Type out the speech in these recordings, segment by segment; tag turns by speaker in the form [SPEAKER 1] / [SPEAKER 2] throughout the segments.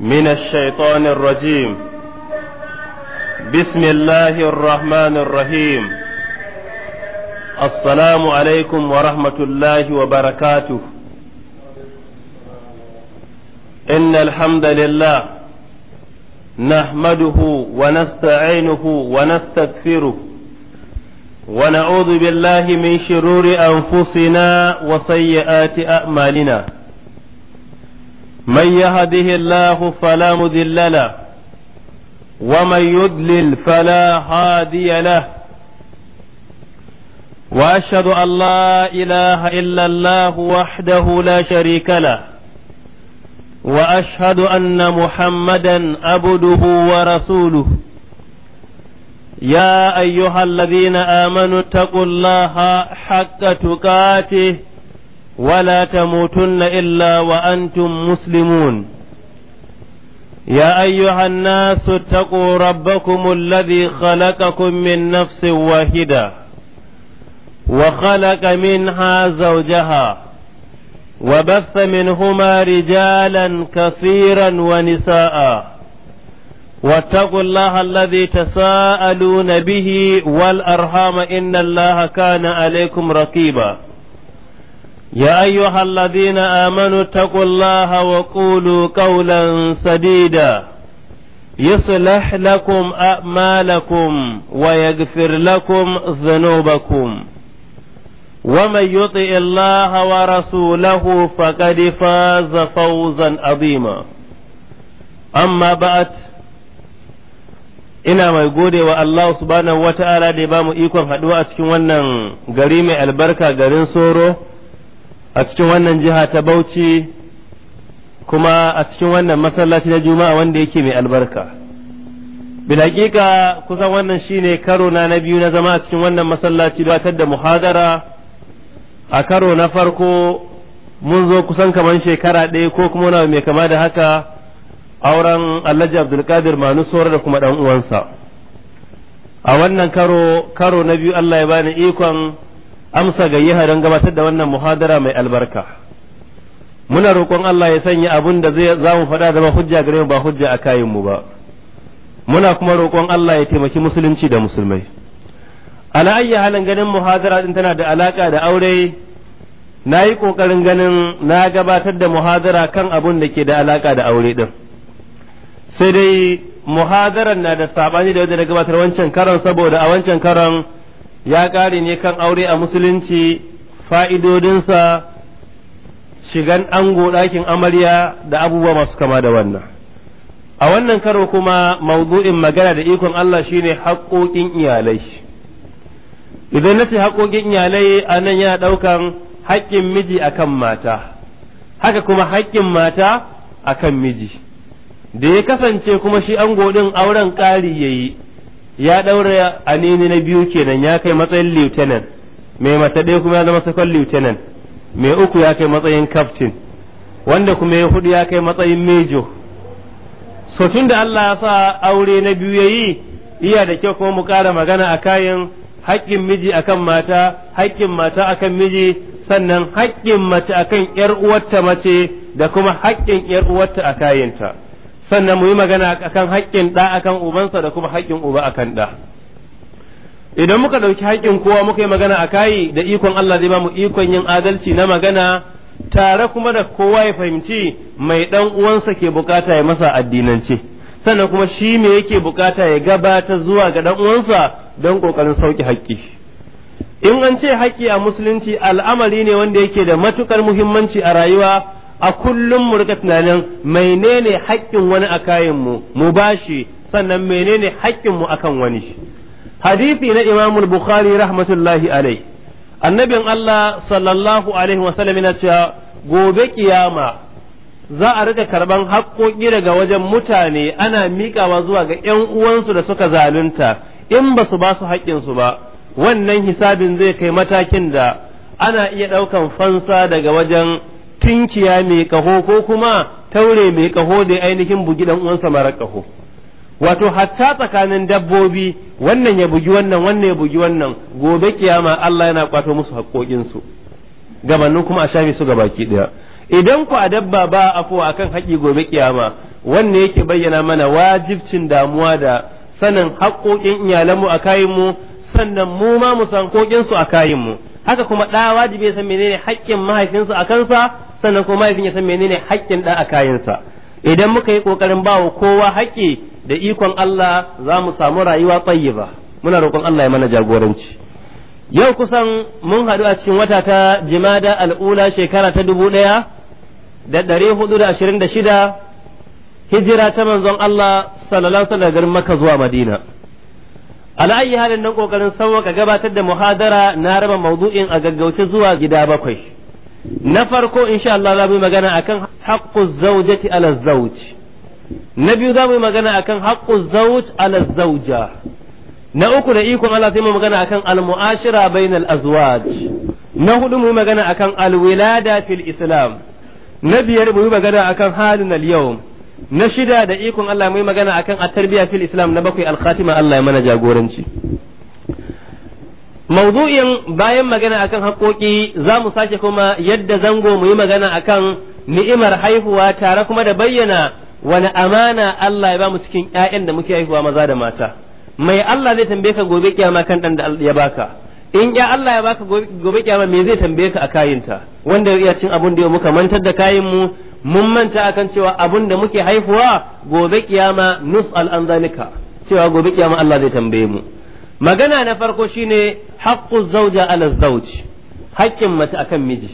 [SPEAKER 1] من الشيطان الرجيم بسم الله الرحمن الرحيم السلام عليكم ورحمة الله وبركاته إن الحمد لله نحمده ونستعينه ونستغفره ونعوذ بالله من شرور أنفسنا وسيئات أعمالنا من يهده الله فلا مذل له ومن يدلل فلا هادي له واشهد ان لا اله الا الله وحده لا شريك له واشهد ان محمدا عبده ورسوله يا ايها الذين امنوا اتقوا الله حق تقاته ولا تموتن إلا وأنتم مسلمون يا أيها الناس اتقوا ربكم الذي خلقكم من نفس واحدة وخلق منها زوجها وبث منهما رجالا كثيرا ونساء واتقوا الله الذي تساءلون به والأرحام إن الله كان عليكم رقيباً يا أيها الذين آمنوا اتقوا الله وقولوا قولا سديدا يصلح لكم أعمالكم ويغفر لكم ذنوبكم ومن يطئ الله ورسوله فقد فاز فوزا عظيما أما بعد ina mai gode wa Allah subhanahu wa ta'ala da ya ba mu ikon haɗuwa cikin wannan gari mai albarka garin soro a cikin wannan jiha ta Bauchi kuma a cikin wannan masallaci na Juma'a wanda yake mai albarka. Bilakika kusan wannan shine karo na na biyu na zama a cikin wannan masallaci gabatar da muhadara a karo na farko mun zo kusan kamar shekara ɗaya ko kuma wani mai kama da haka auren Alhaji Abdulkadir sora da kuma ɗan uwansa. A wannan karo karo na biyu Allah ya bani ikon amsa gayyaha don gabatar da wannan muhadara mai albarka muna roƙon Allah ya sanya abun da zai za mu faɗa zama hujja gare mu ba hujja a kayan mu ba muna kuma roƙon Allah ya taimaki musulunci da musulmai ala ayyi halin ganin muhadara din tana da alaka da aure na yi ƙoƙarin ganin na gabatar da muhadara kan abun da ke da alaka da aure din sai dai muhadaran na da saɓani da wanda na gabatar wancan karon saboda a wancan karan. ya ƙare ne kan aure a musulunci fa'idodinsa shigan ango ɗakin amarya da abubuwa masu kama da wannan a wannan karo kuma mawdu'in magana da ikon Allah shine haƙoƙin iyalai idan na ce haƙoƙin iyalai a nan yana ɗaukan haƙƙin miji akan mata haka kuma haƙƙin mata akan miji da ya kasance kuma shi ango ɗin auren ƙari ya yi ya daura anini na biyu kenan ya kai matsayin lieutenant mai mata ɗaya kuma ya zama second lieutenant mai uku ya kai matsayin captain wanda kuma ya hudu ya kai matsayin major so tun da Allah ya sa aure na biyu ya yi iya da kyau kuma mu ƙara magana a kayan haƙƙin miji akan mata haƙƙin mata akan miji sannan haƙƙin mace akan ƴar uwarta mace da kuma haƙƙin ƴar uwarta a kayanta sannan muyi yi magana akan haƙƙin ɗa akan ubansa da kuma haƙƙin uba akan ɗa idan muka ɗauki haƙƙin kowa muka yi magana a kayi da ikon Allah zai ba mu ikon yin adalci na magana tare kuma da kowa ya fahimci mai ɗan uwansa ke bukata ya masa addinance sannan kuma shi me yake bukata ya gabata zuwa ga ɗan uwansa don ƙoƙarin sauƙi haƙƙi in an ce haƙƙi a musulunci al'amari ne wanda yake da matukar muhimmanci a rayuwa a kullum mu rika tunanin menene haƙƙin wani a kayan mu mu bashi sannan menene haƙƙin mu akan wani shi hadisi na Imam Bukhari rahmatullahi alai annabin Allah sallallahu alaihi wa sallam yana cewa gobe kiyama za a rika karban haƙƙoƙi daga wajen mutane ana miƙawa zuwa ga ƴan uwansu da suka zalunta in ba su ba su haƙƙinsu ba wannan hisabin zai kai matakin da ana iya ɗaukan fansa daga wajen tinkiya mai kaho ko kuma taure mai kaho da ainihin bugi dan uwansa mara kaho wato hatta tsakanin dabbobi wannan ya bugi wannan wannan ya bugi wannan gobe kiyama Allah yana kwato musu haƙoƙinsu gabanin kuma a shafe su baki ɗaya idan ku a dabba ba afuwa akan haƙi gobe kiyama wannan yake bayyana mana wajibcin damuwa da sanin haƙoƙin iyalanmu a mu sannan mu ma mu san haƙoƙinsu a kayanmu haka kuma ɗa wajibi ya san menene haƙƙin mahaifinsa a kansa sannan kuma mahaifin ya san menene haƙƙin ɗa a kayansa idan muka yi ƙoƙarin ba wa kowa haƙƙi da ikon Allah za mu samu rayuwa ba muna roƙon Allah ya mana jagoranci yau kusan mun haɗu a cikin wata ta jimada al'ula shekara ta dubu ɗaya da ɗari hudu da ashirin da shida hijira ta manzon Allah sallallahu alaihi garin Makka zuwa Madina ala'ayi halin nan ƙoƙarin sauwaka gabatar da muhadara na raba mawdu'in a gaggauce zuwa gida bakwai na farko insha Allah za mu yi magana akan haqqu zawjati ala zawj na biyu za mu yi magana akan haqqu zawj ala zawja na uku da ikon Allah sai mu magana akan al mu'ashira bainal azwaj na hudu mu yi magana akan al wilada fil islam na biyar mu yi magana akan halin al yawm na shida da ikon Allah mu yi magana akan at tarbiya fil islam na bakwai al khatima Allah ya mana jagoranci mawdu'in bayan magana akan haƙoƙi za mu sake kuma yadda zango mu yi magana akan ni'imar haihuwa tare kuma da bayyana wani amana Allah ya ba mu cikin 'ya'yan da muke haihuwa maza da mata mai Allah zai tambaye ka gobe kiyama kan dan da ya baka in ya Allah ya baka gobe kiyama me zai tambaye ka a kayinta wanda ya cin abun da muka mantar da kayin mu mun manta akan cewa abun da muke haihuwa gobe kiyama nus al anzanika cewa gobe kiyama Allah zai tambaye mu magana na farko shine haqqu zawja ala zawj haƙƙin mace akan miji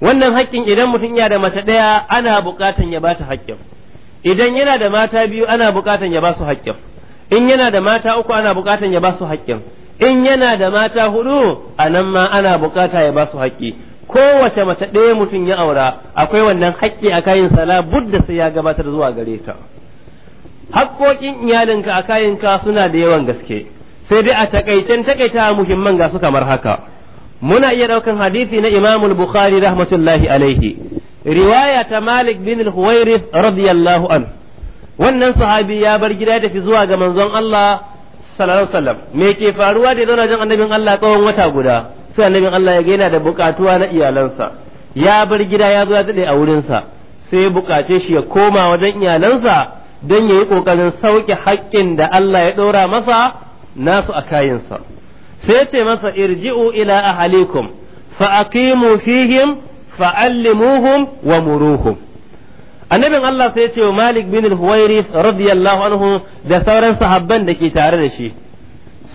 [SPEAKER 1] wannan haƙƙin idan mutum yana da mace ɗaya ana buƙatan ya ba ta haƙƙin idan yana da mata biyu ana buƙatan ya ba su haƙƙin in yana da mata uku ana buƙatan ya ba su haƙƙin in yana da mata hudu a nan ma ana buƙata ya ba su haƙƙi kowace mace ɗaya mutum ya aura akwai wannan haƙƙi a kayan sala budda sai ya gabatar zuwa gare ta haƙƙoƙin iyalinka a kayanka suna da yawan gaske sai dai a takaicen takaita muhimman ga su kamar haka muna iya daukan hadisi na Imam al-Bukhari rahmatullahi alaihi riwaya ta Malik bin al-Huwairith radiyallahu an wannan sahabi ya bar gida da zuwa ga manzon Allah sallallahu alaihi wasallam me ke faruwa da zauna jin annabin Allah tsawon wata guda sai annabin Allah ya gaina da bukatuwa na iyalansa ya bar gida ya zo ya dade a wurinsa sai bukace shi ya koma wajen iyalansa don ya yi ƙoƙarin sauke haƙƙin da Allah ya ɗora masa nasu a kayansa sai ce masa irji'u ila ahalikum fa aqimu fihim fa allimuhum wa muruhum annabin Allah sai ce wa Malik bin al-Huwairi radiyallahu anhu da sauran sahabban da ke tare da shi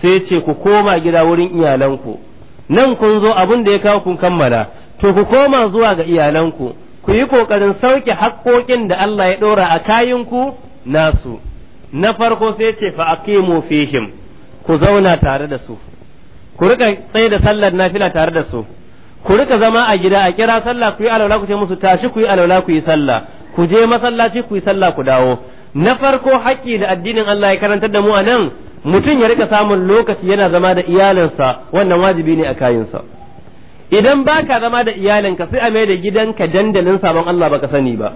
[SPEAKER 1] sai ce ku koma gida wurin iyalanku nan kun zo abin da ya kawo kun kammala to ku koma zuwa ga iyalanku ku yi kokarin sauke haƙƙoƙin da Allah ya ɗora a kayinku nasu na farko sai ce fa aqimu fihim ku zauna tare da su ku rika tsaye da sallar nafila tare da su ku rika zama a gida a kira sallah ku yi alaula ku ce musu tashi ku yi alwala ku yi sallah ku je masallaci ku yi sallah ku dawo na farko haƙƙi da addinin Allah ya karantar da mu a nan mutum ya rika samun lokaci yana zama da iyalinsa wannan wajibi ne a kayinsa idan baka zama da iyalinka sai a mai da gidanka dandalin sabon Allah baka sani ba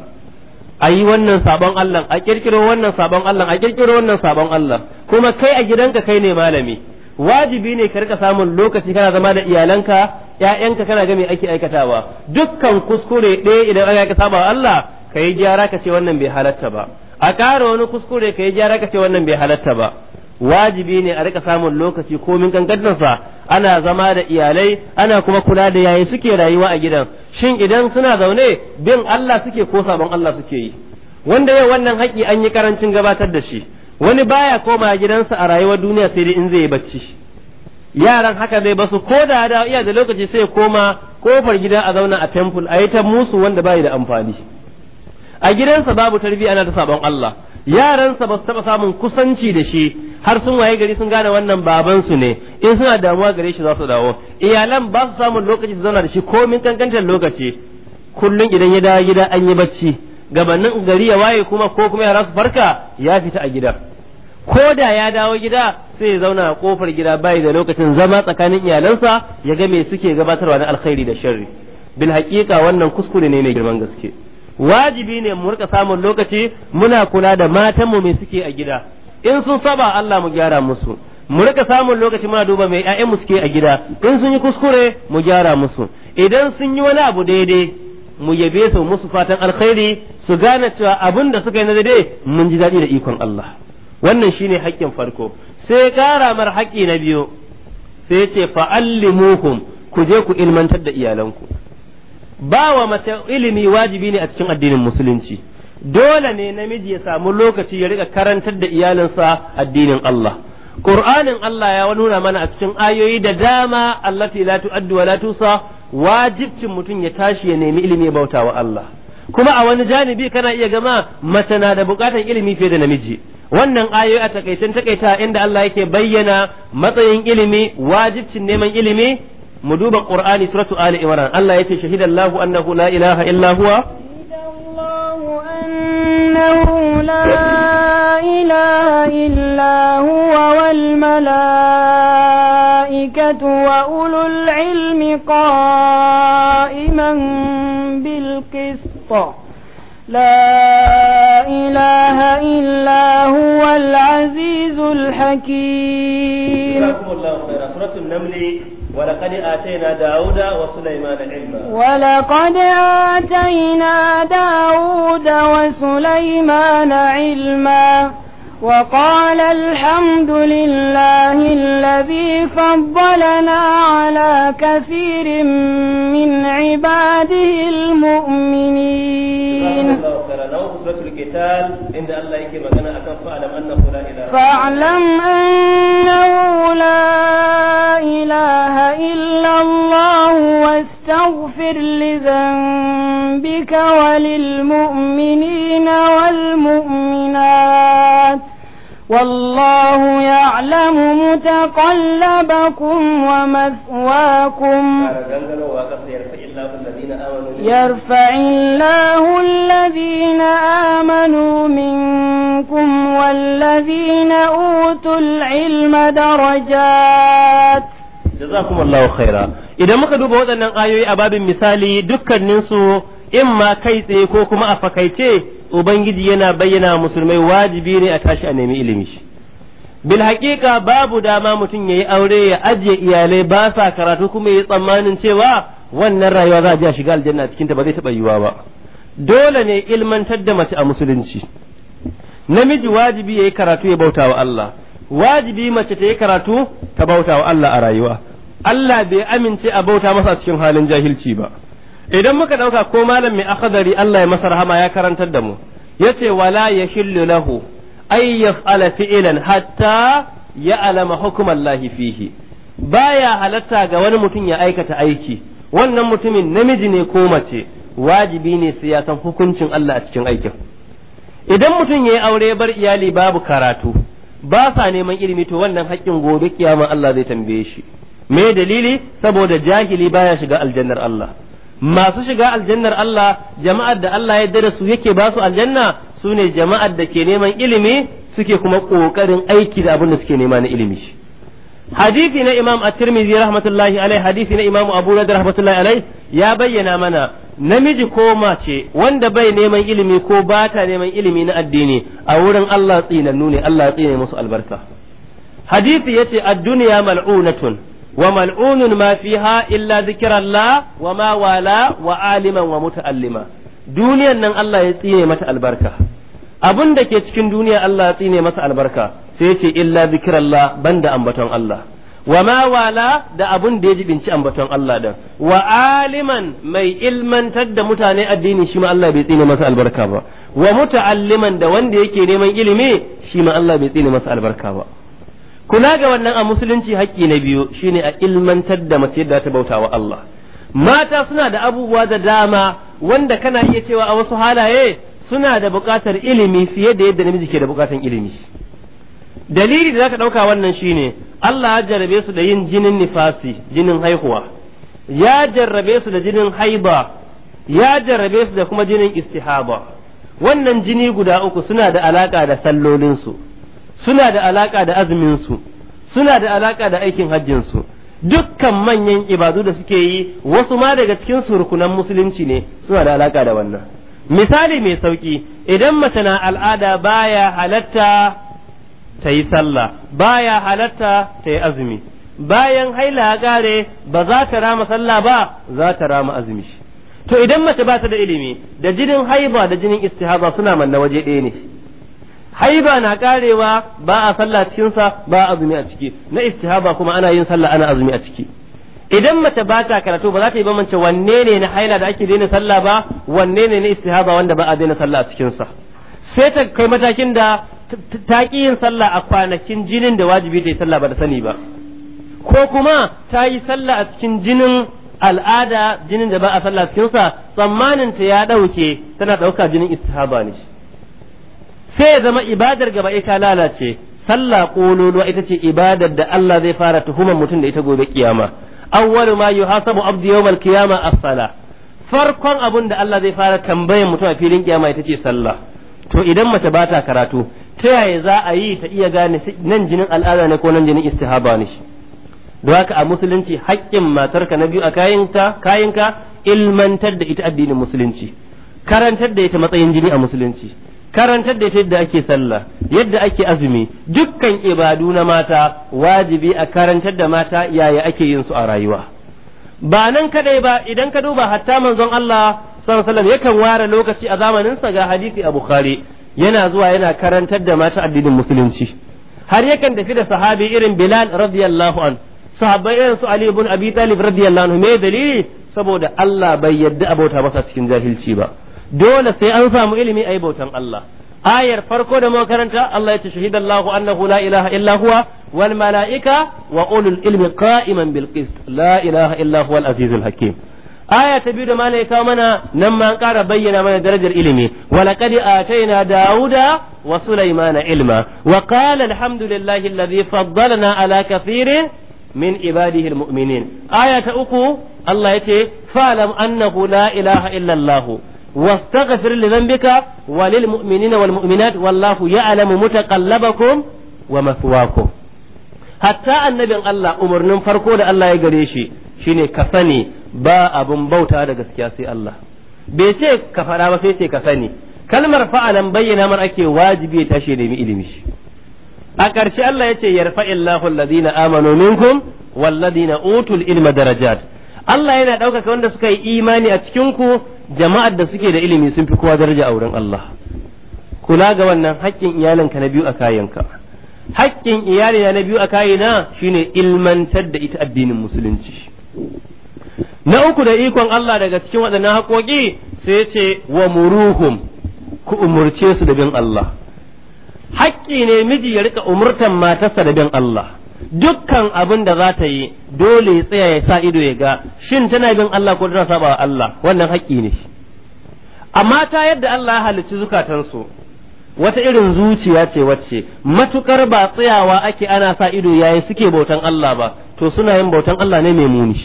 [SPEAKER 1] a yi wannan sabon Allah a kirkiro wannan sabon Allah a kirkiro wannan sabon Allah kuma kai a gidanka kai ne malami wajibi ne ka rika samun lokaci kana zama da iyalanka ƴaƴanka kana ga me ake aikatawa dukkan kuskure ɗaya idan aka ka saba Allah ka yi gyara ka ce wannan bai halatta ba a ƙara wani kuskure ka yi gyara ka ce wannan bai halatta ba wajibi ne a rika samun lokaci komin kankantarsa ana zama da iyalai ana kuma kula da yayi suke rayuwa a gidan shin idan suna zaune bin Allah suke ko sabon Allah suke yi wanda yau wannan haƙi an yi karancin gabatar da shi wani baya koma gidansa a rayuwar duniya sai dai in zai bacci yaran haka zai basu ko da da iya da lokaci sai koma kofar gida a zauna a temple a yi ta musu wanda bai da amfani a gidansa babu tarbiyya ana ta sabon Allah yaransa ba su taba samun kusanci da shi har sun waye gari sun gane wannan babansu ne in suna damuwa gare shi za su dawo iyalan ba su samun lokaci su zauna da shi komin kankantar lokaci kullum idan ya dawo gida an yi bacci gabanin gari ya waye kuma ko kuma yara su farka ya fita a gida ko da ya dawo gida sai ya zauna a kofar gida bai da lokacin zama tsakanin iyalansa ya ga me suke gabatarwa na alkhairi da sharri bil haƙiƙa wannan kuskure ne mai girman gaske wajibi ne mu rika samun lokaci muna kula da matanmu mai suke a gida in sun saba Allah mu gyara musu mu rika samun lokaci muna duba mai mu suke a gida in sun yi kuskure mu gyara musu idan sun yi wani abu daidai mu yabe su musu fatan alkhairi su gane cewa abin da suka yi na daidai mun ji daɗi da ikon Allah wannan shine haƙƙin farko sai ƙara mar haƙƙi na biyu sai ce fa'allimuhum ku je ku ilmantar da iyalanku ba wa mace ilimi wajibi ne a cikin addinin musulunci dole ne namiji ya samu lokaci ya rika karantar da iyalinsa addinin Allah Qur'anin Allah ya nuna mana a cikin ayoyi da dama allati la tu'addu wa la tusa wajibcin mutum ya tashi ya nemi ilimi ya bauta wa Allah kuma a wani janibi kana iya gama mace na da bukatar ilimi fiye da namiji wannan ayoyi a takaicen takaita inda Allah yake bayyana matsayin ilimi wajibcin neman ilimi mu duba qur'ani suratu ali imran allah yace shahida allah annahu la ilaha illa huwa
[SPEAKER 2] وأولو العلم قائما بالقسط لا إله إلا هو العزيز الحكيم
[SPEAKER 1] جزاكم الله خيرا سورة النمل ولقد آتينا داود وسليمان علما
[SPEAKER 2] ولقد آتينا داود وسليمان علما وقال الحمد لله الذي فضلنا على كثير من عباده المؤمنين الله
[SPEAKER 1] سورة القتال إن الله يكي مغنى أكن فأعلم أنه لا فاعلم
[SPEAKER 2] أنه لا إله إلا الله واستغفر لذنبك وللمؤمنين والمؤمنات والله يعلم متقلبكم ومثواكم يرفع الله الذين آمنوا منكم والذين أوتوا العلم
[SPEAKER 1] درجات جزاكم الله خيرا إذا muka duba waɗannan ayoyi a babin misali dukkaninsu imma kai tsaye ko kuma a fakaice ubangiji yana bayyana musulmai wajibi ne a tashi a nemi ilimi bil haƙiƙa babu dama mutum ya yi aure ya ajiye iyalai ba sa karatu kuma ya tsammanin cewa wannan rayuwa za a je a shiga aljanna cikin ta ba zai taɓa yiwuwa ba dole ne ilmantar da mace a musulunci namiji wajibi ya yi karatu ya bauta wa Allah wajibi mace ta yi karatu ta bauta wa Allah a rayuwa Allah bai amince a bauta masa cikin halin jahilci ba idan muka ɗauka ko malam mai akadari Allah ya masa rahama ya karantar da mu ya ce wala yashillu lahu ay yaf'ala fi'lan hatta ya'lama hukm Allah fihi baya halatta ga wani mutum ya aikata aiki wannan mutumin namiji ne ko mace wajibi ne sai ya san hukuncin Allah a cikin aikin idan mutum ya yi aure bar iyali babu karatu ba sa neman ilimi to wannan haƙƙin gobe kiyama Allah zai tambaye shi me dalili saboda jahili baya shiga aljannar Allah masu shiga aljannar Allah jama'ar da Allah ya dare su yake ba su aljanna su ne jama'ar da ke neman ilimi suke kuma ƙoƙarin aiki da abinda suke nema na ilimi hadisi na imam at-tirmidhi rahmatullahi alaihi hadisi na imam abu radar rahmatullahi alaihi ya bayyana mana namiji ko mace wanda bai neman ilimi ko ba ta neman ilimi na addini a wurin Allah tsinannu ne Allah ya tsine musu albarka hadisi yace ad-dunya mal'unatun wa mal'unun ma illa zikrallah wa ma wala wa aliman wa muta'allima duniyan nan Allah ya tsine mata albarka abun da ke cikin duniya Allah ya tsine masa albarka sai ce illa zikrallah banda ambaton Allah wa ma da abun da ya jibinci ambaton Allah da wa aliman mai ilmantar da mutane addini shi ma Allah bai tsine masa albarka ba wa muta'alliman da wanda yake neman ilimi shi Allah bai tsine masa albarka ba kula ga wannan a musulunci hakki na biyu shine a ilmantar da mace da ta bauta wa Allah mata suna da abubuwa da dama wanda kana iya cewa a wasu halaye suna da buƙatar ilimi fiye da yadda namiji ke da buƙatar ilimi dalili da zaka ɗauka wannan shine Allah ya jarrabe su da yin jinin nifasi jinin haihuwa ya jarrabe su da jinin haiba ya jarrabe su da kuma jinin istihaba wannan jini guda uku suna da alaƙa da sallolinsu suna da alaka da azumin suna da alaka da aikin hajjin su dukkan manyan ibadu da suke yi wasu ma daga cikin su musulunci ne suna da alaka da wannan misali mai sauki idan mace na al'ada baya halatta ta yi sallah baya halatta ta yi azumi bayan haila gare ba za ta rama sallah ba za ta rama azumi to idan mace ba ta da ilimi da jinin haiba da jinin istihaba suna manna waje ɗaya ne haiba na karewa ba a sallah cikin sa ba azumi a ciki na istihaba kuma ana yin sallah ana azumi a ciki idan mace ba ta karatu ba za ta yi bambance wanne ne na haila da ake daina sallah ba wanne ne na istihaba wanda ba a daina sallah a cikin sai ta kai matakin da ta ki yin sallah a kwanakin jinin da wajibi ta yi sallah ba da sani ba ko kuma ta yi sallah a cikin jinin al'ada jinin da ba a sallah cikinsa tsammanin ta ya ɗauke tana ɗauka jinin istihaba ne sai ya zama ibadar gaba ita lalace sallah kololuwa ita ce ibadar da Allah zai fara tuhumar mutum da ita gobe kiyama awwalu ma yuhasabu abdu yawmal kiyama as-sala farkon abun da Allah zai fara tambayar mutum a filin kiyama ita ce sallah to idan mace ba ta karatu ta yaya za a yi ta iya gane nan jinin al'ada ne ko nan jinin istihaba ne shi don haka a musulunci haƙƙin matarka na biyu a kayanka kayanka ilmantar da ita addinin musulunci karantar da ita matsayin jini a musulunci karantar da yadda ake sallah yadda ake azumi dukkan ibadu na mata wajibi a karantar da mata yaya ake yin su a rayuwa ba nan kadai ba idan ka duba hatta manzon Allah sallallahu alaihi yakan ware lokaci a zamanin sa ga hadisi a Bukhari yana zuwa yana karantar da mata addinin musulunci har yakan tafi da sahabi irin Bilal radiyallahu an sahabbai irin su Ali ibn Abi Talib radiyallahu anhu me dalili saboda Allah bai yadda abota masa cikin jahilci ba dole sai an samu ilimi yi bautan Allah ayar farko da makaranta Allah ya ce shahidallahu annahu la ilaha illa huwa wal malaika wa ulul ilmi qa'iman bil qist la ilaha illa huwa al azizul hakim aya ta biyu da malaika mana nan ma an ƙara bayyana mana darajar ilimi wa laqad ataina dauda wa sulaimana ilma wa qala alhamdulillahi alladhi na ala kathirin min ibadihi almu'minin aya ta uku Allah ya ce fa'lam annahu la ilaha illa allah واستغفر لذنبك وللمؤمنين والمؤمنات والله يعلم متقلبكم ومثواكم hatta annabin Allah umarnin farko da Allah ya gare shi shine ka sani ba abun bauta da gaskiya sai Allah bai ce ka fara ba sai ce ka sani kalmar fa'alan bayyana man ake wajibi ya tashi nemi ilimi a ƙarshe Allah ya ce yarfa'illahu alladhina amanu minkum walladhina utul ilma darajat Allah yana ɗaukaka wanda suka yi imani a cikin ku jama'ar da suke da ilimi sun fi kowa daraja a wurin Allah kula ga wannan haƙƙin iyalinka na biyu a kayanka haƙƙin iyalina na biyu a kayina shine ilmantar da ita addinin musulunci na uku da ikon Allah daga cikin waɗannan haƙoƙi sai ce wa muruhum ku umurce su da bin Allah haƙƙi ne miji ya rika umurtan matarsa da bin Allah dukkan abin da za ta yi dole ya tsaya ya sa ido ya ga shin tana bin Allah ko tana saba Allah wannan haƙƙi ne amma ta yadda Allah ya halicci zukatansu wata irin zuciya ce wacce matukar ba tsayawa ake ana sa ido yayi suke bautan Allah ba to suna yin bautan Allah ne mai muni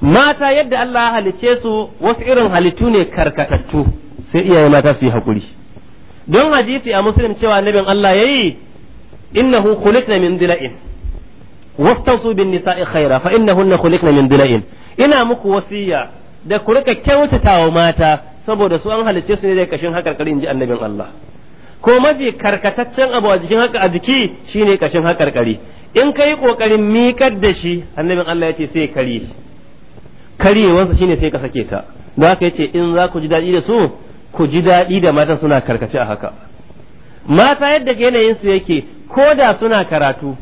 [SPEAKER 1] mata yadda Allah ya halicce su wasu irin halittu ne karkatattu sai iyaye mata su yi hakuri don hadisi a muslim cewa nabin Allah yayi إنه خلقنا min dila'in wastausu bin خيرا فإنهن fa من khuliqna min dila'in ina muku wasiya da ku rika wa mata saboda su an halicce su ne da kashin hakarkari inji annabin Allah ko mafi karkataccen abu a jikin haka a jiki shine kashin hakarkari in kai kokarin mikar da shi annabin Allah yace sai kare karyewansa shine sai ka sake ta don haka yace in za ku ji daɗi da su ku ji daɗi da matan suna karkace a haka mata yadda yanayin su yake ko da suna karatu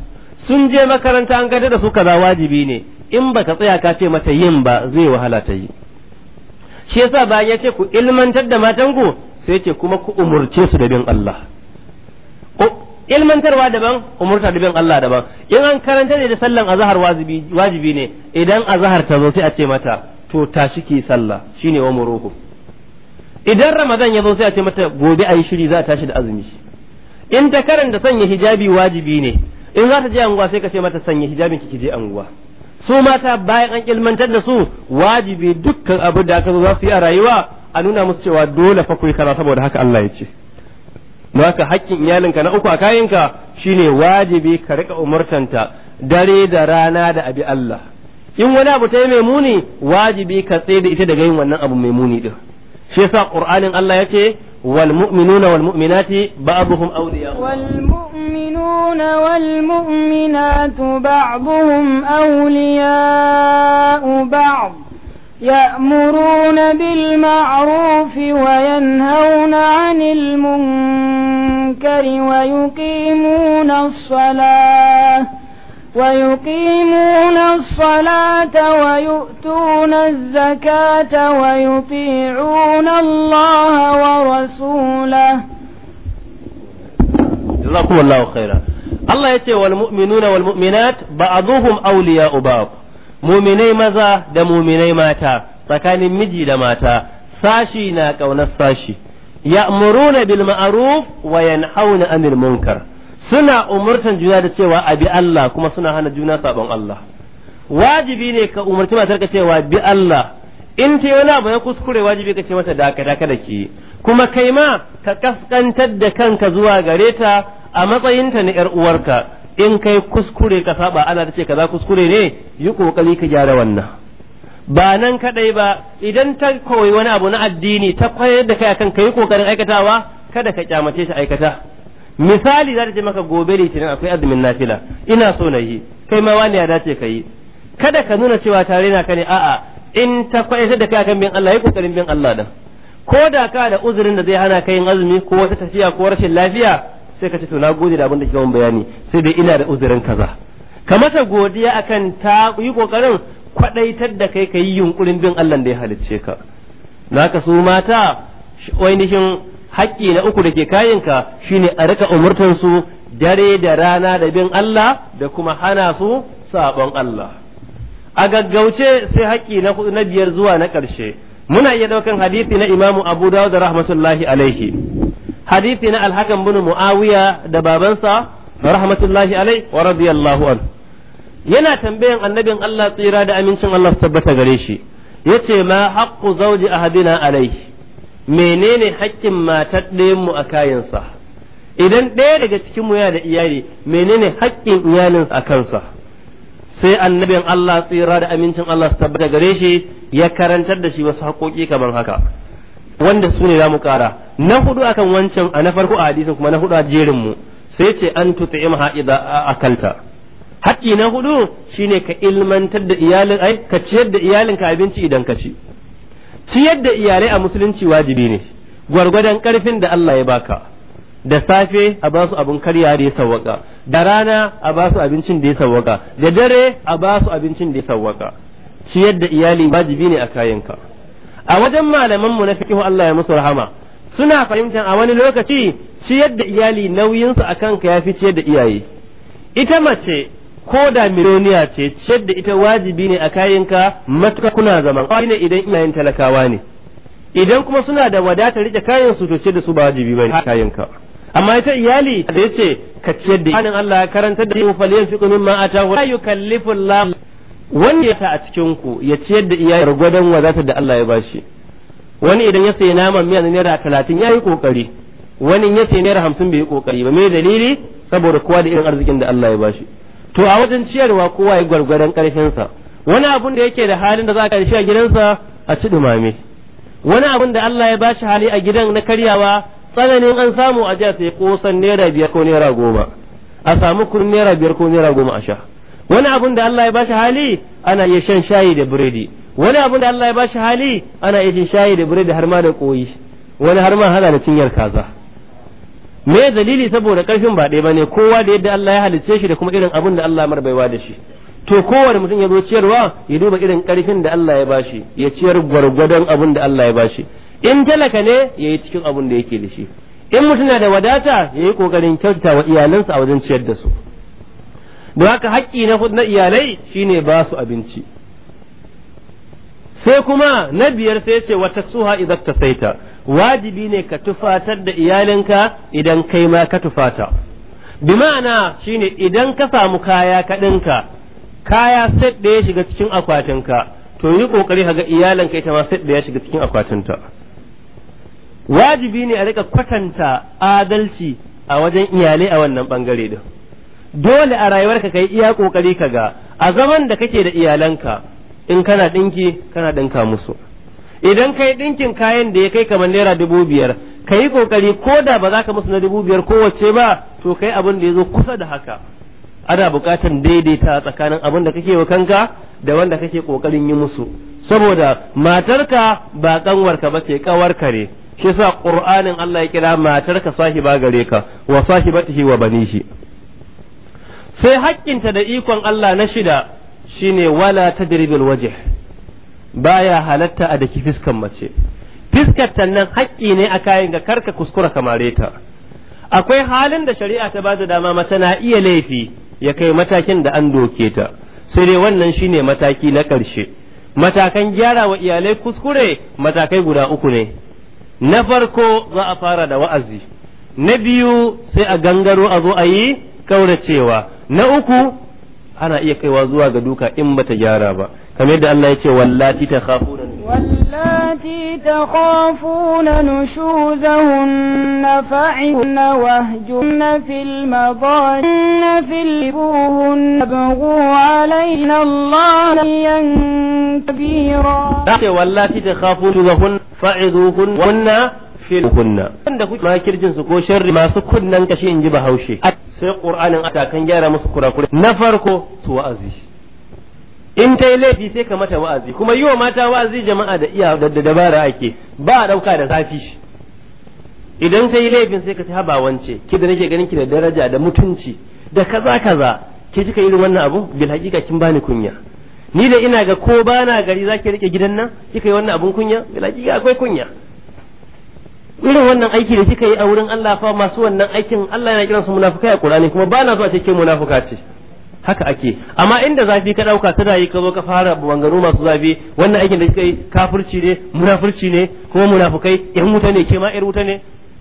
[SPEAKER 1] sun je makaranta an gada da su kaza wajibi ne in baka tsaya ka ce mata yin ba zai wahala ta yi shi yasa bayan ya ce ku ilmantar da matanku sai ce kuma ku umurce su da bin Allah ilmantarwa daban umurta da bin Allah daban in an karanta ne da sallan azhar wajibi ne idan azhar ta zo sai a ce mata to tashi ki sallah shine wa muruhu idan ramadan ya zo sai a ce mata gobe ayi shiri za a tashi da azumi in ta karanta sanya hijabi wajibi ne in za ta je anguwa sai ka ce mata sanya hijabin ki je anguwa su mata bayan an ilmantar da su wajibi dukkan abu da aka zo za su yi a rayuwa a nuna musu cewa dole fa ku yi saboda haka Allah ya ce haka haƙƙin iyalinka na uku a kayanka shine wajibi ka rika umurtanta dare da rana da abi Allah in wani abu ta yi mai muni wajibi ka tsaye da ita daga yin wannan abu mai muni din shi yasa qur'anin Allah yake والمؤمنون والمؤمنات بعضهم أولياء
[SPEAKER 2] والمؤمنون والمؤمنات بعضهم أولياء بعض يأمرون بالمعروف وينهون عن المنكر ويقيمون الصلاة ويقيمون الصلاة ويؤتون الزكاة ويطيعون الله ورسوله
[SPEAKER 1] جزاكم الله خيرا الله يتي والمؤمنون والمؤمنات بعضهم أولياء بعض مؤمني مزا دا مؤمني ماتا فكان مجي دا ماتا ساشي ناك ونساشي يأمرون بالمعروف وينحون عن المنكر suna umurtan juna da cewa a bi Allah kuma suna hana juna sabon Allah wajibi ne ka umarci matar ka cewa bi Allah in ta wani abu ya kuskure wajibi ka ce mata dakata daka da ke kuma kai ma ka kaskantar da kanka zuwa gare ta a matsayinta na yar uwarka in kai kuskure ka saba ana ta ce kaza kuskure ne yi kokari ka gyara wannan ba nan kadai ba idan ta koyi wani abu na addini ta koyar da kai akan yi kokarin aikatawa kada ka kyamace shi aikata misali za ta ce maka gobe litinin akwai azumin nafila ina so na yi kai ma wani ya dace ka yi kada ka nuna cewa tare na ka ne a'a in ta kwaisa da kai akan bin Allah yi kokarin bin Allah da ko da ka da uzurin da zai hana ka yin azumi ko wata tafiya ko rashin lafiya sai ka ce to na gode da abin da kike mun bayani sai dai ina da uzurin kaza ka masa godiya akan ta yi kokarin kwadaitar da kai ka yi yunkurin bin Allah da ya halicce ka naka su mata ainihin haƙƙi na uku da ke kayanka shine a rika umurtansu dare da rana da bin Allah da kuma hana su saɓon Allah a gaggauce sai haƙƙi na na biyar zuwa na ƙarshe muna iya ɗaukan hadithi na imamu abu dawud da rahmatullahi alaihi Hadithi na alhakan bin muawiya da babansa rahmatullahi alaihi wa radiyallahu yana tambayan annabin Allah tsira da amincin Allah su tabbata gare shi yace ma haqqu zawji ahadina alaihi menene haƙƙin matar ɗayanmu a kayansa idan ɗaya daga cikinmu yana da iyali menene haƙƙin iyalinsa a kansa sai annabin Allah tsira da amincin Allah su tabbata gare shi ya karantar da shi wasu haƙoƙi kamar haka wanda su ne za mu ƙara na hudu akan wancan a na farko a hadisin kuma na hudu a jerin mu sai ce an tuta'imha a kanta haƙƙi na hudu shine ka ilmantar da iyalin ai ka ciyar da iyalinka abinci idan ka ci ciyar da iyalai a musulunci wajibi ne gwargwadon karfin da Allah ya baka da safe a ba su abin karya da ya sawwaka da rana a ba su abincin da ya sawwaka da dare a ba su abincin da ya sawwaka ciyar da iyali wajibi ne a kayanka a wajen malaman mu na fiqh Allah ya musu rahama suna fahimtar a wani lokaci ciyar da iyali nauyinsu akan ka yafi ciyar da iyaye ita mace ko da miliyoniya ce ciyar da ita wajibi ne a kayanka matuka kuna zaman kawai ne idan iyayen talakawa ne idan kuma suna da wadatar rike kayan su to ce da su ba wajibi bane kayanka amma ita iyali da yace ka ciyar da ita Allah ya karanta da mu faliyan fiqh mimma ata wa yukallifu Allah ya ta a cikin ku ya ciyar da iyali gwadon wadata da Allah ya bashi wani idan ya sayi naman miya na naira talatin ya yi kokari wani ya sayi naira hamsin bai yi kokari ba me dalili saboda kowa da irin arzikin da Allah ya bashi to a wajen ciyarwa kowa ya gwargwadon karfinsa wani abun da yake da halin da za a shi a gidansa a ci dumame wani abun da Allah ya bashi hali a gidan na karyawa tsananin an samu a jiya sai kosan naira biyar ko naira goma a samu kurin naira biyar ko naira goma a sha wani abun da Allah ya bashi hali ana iya shan shayi da biredi wani abun da Allah ya bashi hali ana iya shan shayi da biredi har ma da koyi wani har ma hada da cinyar kaza me dalili saboda karfin ba ɗaya bane kowa da yadda Allah ya halicce shi da kuma irin abin da Allah mar baiwa da shi to kowane mutum ya zo ciyarwa ya duba irin karfin da Allah ya bashi ya ciyar gwargwadon abin da Allah ya bashi in talaka ne ya yi cikin abin da yake da shi in mutum na da wadata ya yi kokarin kyautata wa iyalansa a wajen ciyar da su don haka haƙƙi na iyalai shine ba su abinci sai kuma na biyar sai ce wata suha idan ta saita wajibi ne ka tufatar da iyalinka idan kai ma ka tufata bimaana ma'ana shine idan ka samu kaya kaɗinka kaya set da ya shiga cikin akwatinka to yi kokari ka ga iyalinka ita ma set da shiga cikin akwatinta wajibi ne a rika kwatanta adalci a wajen iyalai a wannan bangare din dole a rayuwarka kai iya kokari ka ga a zaman da kake da iyalanka in kana dinki kana dinka musu idan kai dinkin kayan da ya kai kamar naira dubu biyar ka yi kokari ko da ba za ka musu na dubu biyar kowace ba to kai abin da ya zo kusa da haka ana buƙatar daidaita tsakanin abin da kake wa kanka da wanda kake kokarin yi musu saboda matarka ba kanwarka ba ce kawarka ne shi sa ƙur'anin Allah ya kira matarka sahiba gare ka wa sahibatihi wa banihi sai hakkinta da ikon Allah na shida shine wala tadribil waje. baya halatta a daki fiskan mace fiskar nan haƙƙi ne a kayan ga karka kuskura kamare ta akwai halin da shari'a ta bada dama mace na iya laifi ya kai matakin da an doke ta sai dai wannan shine mataki na ƙarshe matakan gyara wa iyalai kuskure matakai guda uku ne na farko za a fara da wa'azi na biyu sai a gangaro a zo a yi kauracewa na uku ana iya kaiwa zuwa ga duka in bata gyara ba kamar da Allah yake wallati ta khafuna
[SPEAKER 2] wallati ta khafuna nushuzahunna fa'inna wahjunna fil madanna fil buhunna baghu alayna Allah yankabira
[SPEAKER 1] dace wallati ta khafuna hun fa'iduhun wanna fil hunna wanda kuke makirjin su ko sharri masu kunnan kashi inji bahaushe sai qur'anin atakan gyara musu kurakure na farko su wa'azi in ta yi laifi sai ka mata wa'azi kuma yi wa mata wa'azi jama'a da iya da dabara ake ba a ɗauka da zafi idan ta yi laifin sai ka ci haba wance ki da nake ganin ki da daraja da mutunci da kaza kaza ke kika irin wannan abu bil haƙiƙa kin bani kunya ni da ina ga ko bana gari zaki rike gidan nan kika yi wannan abun kunya bil haƙiƙa akwai kunya irin wannan aiki da kika yi a wurin Allah fa masu wannan aikin Allah yana kiransu munafukai a Qur'ani kuma bana so a ce ke munafuka ce haka ake amma inda zafi ka dauka ta dai ka zo ka fara bangaro masu zafi wannan aikin da kai kafirci ne munafurci ne kuma munafukai ɗan wuta ne ke ma ɗan wuta ne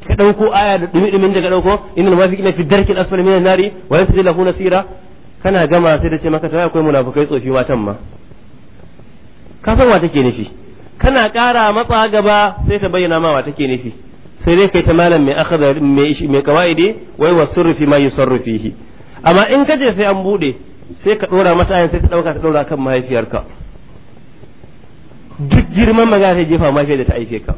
[SPEAKER 1] ka dauko aya da dumi dumin da ka dauko innal munafiqina fi darkil asfali minan nari wa yasdilahu nasira kana gama sai da ce maka tana akwai munafukai tsofi watan ma ka san wa take nufi kana ƙara matsa gaba sai ta bayyana ma wa take nufi sai dai kai ta malam mai akhadar mai mai kawaidi wai wasurfi ma yusarrifihi amma in ka je sai an bude sai ka dora mata ayan sai ta dauka ta dora kan mahaifiyarka duk girman magana sai jefa mahaifiyar da ta aike ka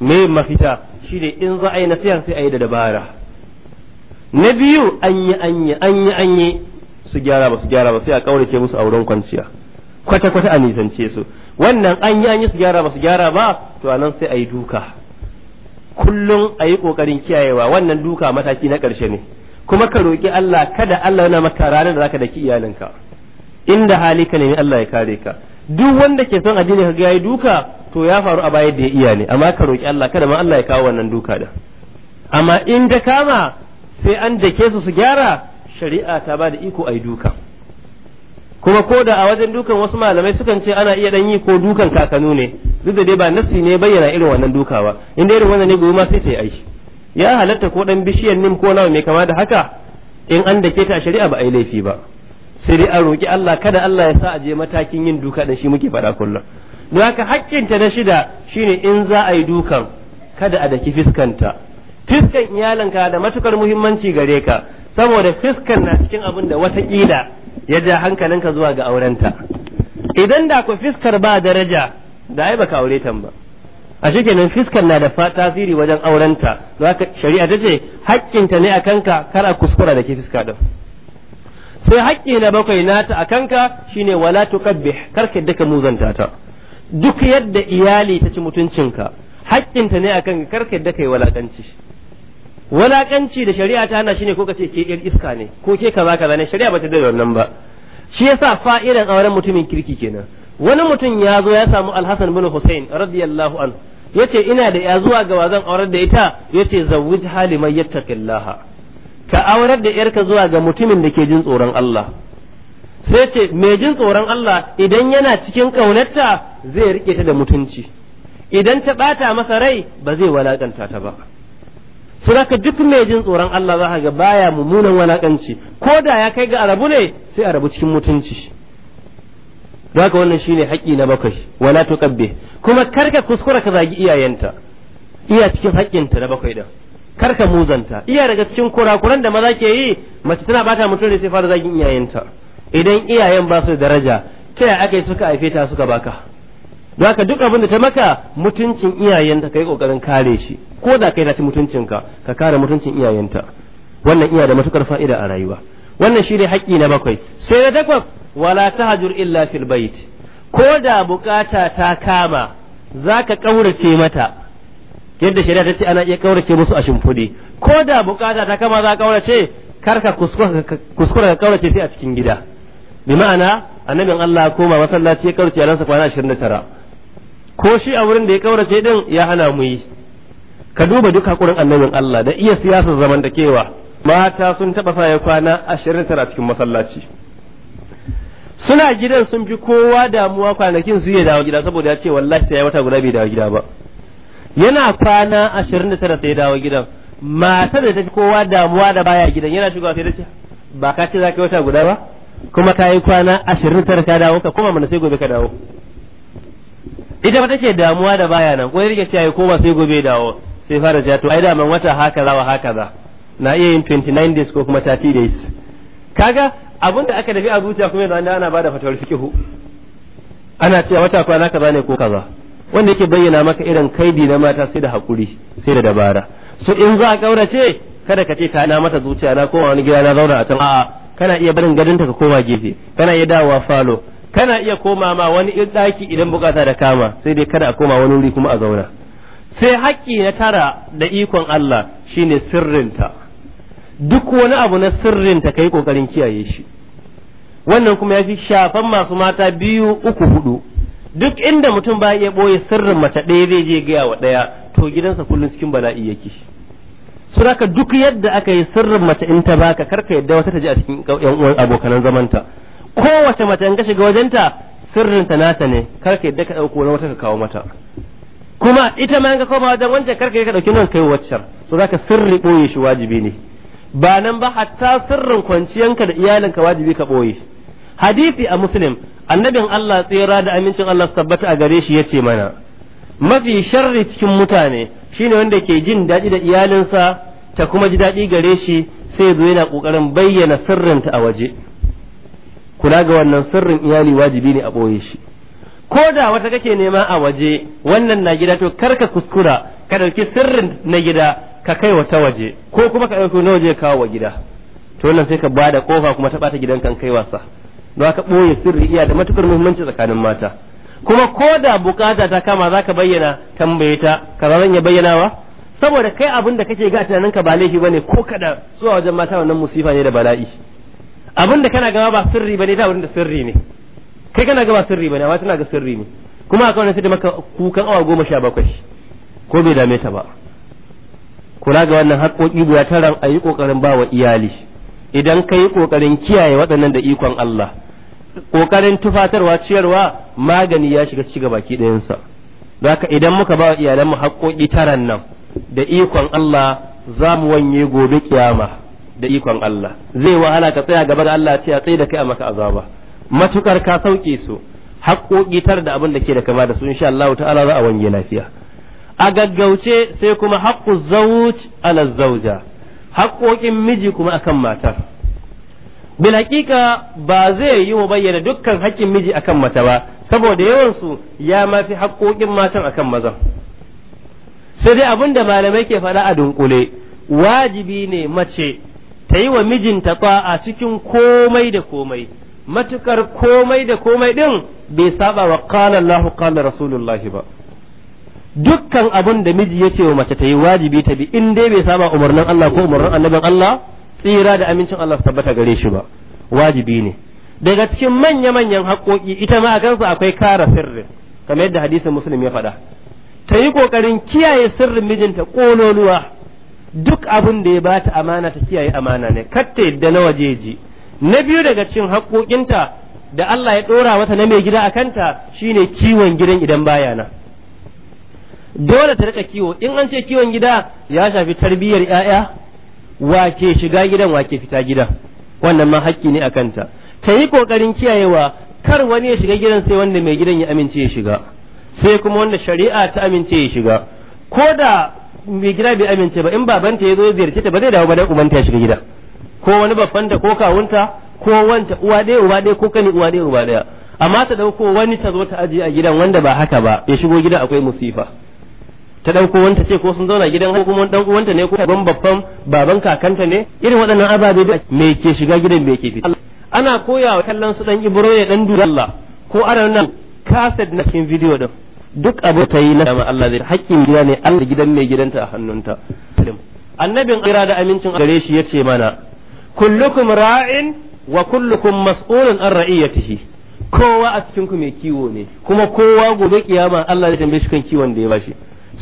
[SPEAKER 1] me mafita shine in za a yi nasiha sai a yi da dabara na biyu anyi anyi anyi anyi su gyara ba su gyara ba sai a kaurace musu auren kwanciya kwata kwata a nisance su wannan an yi an su gyara ba su gyara ba to anan sai a yi duka kullum a yi kokarin kiyayewa wannan duka mataki na karshe ne kuma ka roƙi Allah kada Allah yana maka ranar da zaka daki iyalinka inda hali ka nemi Allah ya kare ka duk wanda ke son addini ka ga duka to ya faru a baya da ya iya ne amma ka roƙi Allah kada ma Allah ya kawo wannan duka da amma in da kama sai an dake su su gyara shari'a ta ba da iko ai duka kuma ko da a wajen dukan wasu malamai sukan ce ana iya dan yi ko dukan kakanu ne duk da dai ba nasi ne bayyana irin wannan dukawa inda irin wannan ne goma ma sai ta yi aiki ya halatta ko dan bishiyar nim ko nawa mai kama da haka in an dake ta shari'a ba a yi laifi ba sai dai an roki Allah kada Allah ya sa a je matakin yin duka da shi muke faɗa kullum don haka haƙƙinta na shida shine in za a yi dukan kada a daki fiskanta fiskan iyalanka da matukar muhimmanci gare ka saboda fiskan na cikin abin da watakila ya ja hankalinka zuwa ga aurenta idan da ku fiskar ba daraja da ai baka aure ta ba a shi kenan fiskar na da tasiri wajen aurenta za shari'a ta ce haƙƙinta ne a kanka kar a kuskura da ke fiska ɗin sai haƙƙi na bakwai nata a kanka shine wala tuqabbih kar ka daka muzanta ta duk yadda iyali ta ci mutuncinka haƙƙinta ne a kanka kar ka daka yi walaƙanci. walaƙanci da shari'a ta hana shine ko ka ce ke yar iska ne ko ke kaza kaza ne shari'a ba ta da wannan ba shi yasa fa'idan auren mutumin kirki kenan wani mutum ya zo ya samu alhassan bin hussein radiyallahu anhu ce ina da ya zuwa ga zan aurar da ita ya ce zawwij halimay yattaqillaha ka aurar da yarka zuwa ga mutumin da ke jin tsoron Allah sai ce mai jin tsoron Allah idan yana cikin kaunarta zai rike ta da mutunci idan ta ɓata masa rai ba zai walakanta ta ba su ka duk mai jin tsoron Allah za ga baya mummunan walakanci ko da ya kai ga arabu ne sai arabu cikin mutunci don haka wannan shine haƙƙi na bakwai wala tuqabbi kuma karka kuskura ka zagi iyayenta iya cikin haƙƙinta na bakwai din karka muzanta iya daga cikin kurakuran da maza ke yi mace tana bata mutum da sai fara zagin iyayenta idan iyayen ba su da daraja ta yaya aka suka haife ta suka baka don haka duk abin da ta maka mutuncin iyayenta yi kokarin kare shi ko da kai ta mutuncinka ka kare mutuncin iyayenta wannan iya da matukar fa'ida a rayuwa wannan shine haƙƙi na bakwai sai na takwas wala tahjur illa fil bait ko da bukata ta kama zaka kaurace mata yadda shari'a ta ce ana iya kaurace musu a shimfiɗe ko da bukata ta kama za ka kaurace kar ka kuskura ka kaurace sai a cikin gida bi ma'ana annabin Allah koma masallaci ya kaurace yaransa kwana 29 ko shi a wurin da ya kaurace din ya hana mu yi ka duba duk hakurin annabin Allah da iya siyasar zamantakewa mata sun taɓa sa ya kwana ashirin tara cikin masallaci suna gidan sun fi kowa damuwa kwanakin su ya dawo gida saboda ya ce wallahi sai ya wata guda bai dawo gida ba yana kwana ashirin da tara sai ya dawo gidan matar da ta fi kowa damuwa da baya gidan yana shigowa sai da ce ba ka ce za ka yi wata guda ba kuma ka yi kwana ashirin tara ka dawo ka kuma mana sai gobe ka dawo ita ba take damuwa da baya nan ko ya rike cewa ko ba sai gobe dawo sai fara cewa to ai da man wata haka za wa haka za na iya yin 29 days ko kuma 30 days kaga abin da aka dafi a zuciya kuma yanzu ana ba da fatawar fikihu ana cewa wata kwana kaza ne ko kaza wanda yake bayyana maka irin kaidi na mata sai da hakuri sai da dabara so in za a kaurace kada ka ce ta na mata zuciya na koma wani gida na zauna a can a'a kana iya barin gadinta ka koma gefe kana iya dawowa falo kana iya koma ma wani ɗaki idan bukata da kama sai dai kada a koma wani wuri kuma a zauna sai haƙƙi na tara da ikon Allah shine sirrinta duk wani abu na sirrin ta kai kokarin kiyaye shi wannan kuma ya fi shafan masu mata biyu uku hudu duk inda mutum ba iya boye sirrin mace ɗaya zai je gaya wa ɗaya to gidansa kullum cikin bala'i yake shi su haka duk yadda aka yi sirrin mace in ta baka karka yadda wata ta ji a cikin yan uwan abokanan zamanta kowace mace in ka shiga wajenta sirrin ta nata ne karka yadda ka dauko wani wata ka kawo mata kuma ita ma in ka koma wajen wancan karka yadda ka dauki nan kai waccan su zaka sirri boye shi wajibi ne ba nan ba hatta sirrin kwanciyanka da iyalinka wajibi ka boye hadisi a muslim annabin Allah tsira da amincin Allah tabbata a gare shi yace mana mafi sharri cikin mutane shine wanda ke jin daɗi da iyalinsa ta kuma ji daɗi gare shi sai zo yana ƙoƙarin bayyana sirrinta a waje kula ga wannan sirrin iyali wajibi ne a ɓoye shi ko da wata kake nema a waje wannan na gida to karka kuskura ka ɗauki sirrin na gida ka kai wa ta waje ko kuma ka ɗauko na waje kawo wa gida to wannan sai ka bada kofa kuma ta bata gidan kan kai wasa don ka boye sirri iya da matukar muhimmanci tsakanin mata kuma ko da bukata ta kama za ka bayyana tambaye ta ba zan iya bayyanawa saboda kai abin da kake ga tunanin ka ba laifi bane ko kada zuwa wajen mata wannan musifa ne da bala'i abin da kana gama ba sirri bane da wurin da sirri ne kai kana gama sirri bane amma tana ga sirri ne kuma akwai wani sai da maka kukan awa goma sha bakwai ko bai dame ta ba kula ga wannan haƙoƙi buya taran a yi ƙoƙarin ba iyali idan ka yi ƙoƙarin kiyaye waɗannan da ikon Allah ƙoƙarin tufatarwa ciyarwa magani ya shiga ci baki ɗayansa haka idan muka bawa wa iyalanmu haƙoƙi taran nan da ikon Allah za mu wanye gobe kiyama da ikon Allah zai wahala ka tsaya gaba da Allah ce a da kai a maka azaba matukar ka sauke su haƙoƙi tar da abin da ke da kama da su insha Allah ta'ala za a wanye lafiya a gaggauce sai kuma haƙƙu zauj ala zauja haƙƙoƙin miji kuma akan matar bil haƙiƙa ba zai yi wa bayyana dukkan haƙƙin miji akan mata ba saboda yawansu ya ma fi haƙoƙin matan akan mazan sai dai abin da malamai ke faɗa a dunkule wajibi ne mace ta yi wa mijinta a cikin komai da komai matukar komai da komai ɗin bai saba wa qala Allahu qala Rasulullahi ba dukkan abunda da miji ya ce wa mace ta yi wajibi ta bi in dai bai saba umarnin Allah ko umarnin annabin Allah tsira da amincin Allah su tabbata gare shi ba wajibi ne daga cikin manya manyan haƙoƙi ita ma a kansa akwai kara sirri kamar yadda hadisin muslim ya faɗa ta yi ƙoƙarin kiyaye sirrin mijinta ƙololuwa duk abin da ya bata amana ta kiyaye amana ne kar ta yadda na waje ji na biyu daga cikin haƙoƙinta da Allah ya ɗora mata na mai gida a kanta shine kiwon gidan idan baya nan dole ta rika kiwo in an ce kiwon gida ya shafi tarbiyyar ƴaƴa wake shiga gidan wake fita gidan wannan ma hakki ne a kanta ta yi kokarin kiyayewa kar wani ya shiga gidan sai wanda mai gidan ya amince ya shiga sai kuma wanda shari'a ta amince ya shiga ko da mai gida bai amince ba in babanta ya zo ya ziyarce ta ba zai dawo ba dan ubanta ya shiga gida ko wani babban da ko kawunta ko wanta uwa ɗaya uba ɗaya ko kani uwa ɗaya uba ɗaya amma ta ɗauko wani ta zo ta ajiye a gidan wanda ba haka ba ya shigo gidan akwai musifa ta ɗauko wanta ce ko sun zauna gidan ko kuma ɗauko wanta ne ko ban babban baban kakanta ne irin waɗannan ababe da me ke shiga gidan me ke fita ana koya kallon su dan ibro ya dan dura Allah ko ana nan kaset na cikin video din duk abu ta yi na Allah zai haƙƙin gida ne Allah gidan mai gidanta a hannunta annabin kira da amincin gare shi ce mana kullukum ra'in wa kullukum mas'ulun an ra'iyatihi kowa a cikin ku mai kiwo ne kuma kowa gobe kiyama Allah zai tambaye shi kan kiwon da ya bashi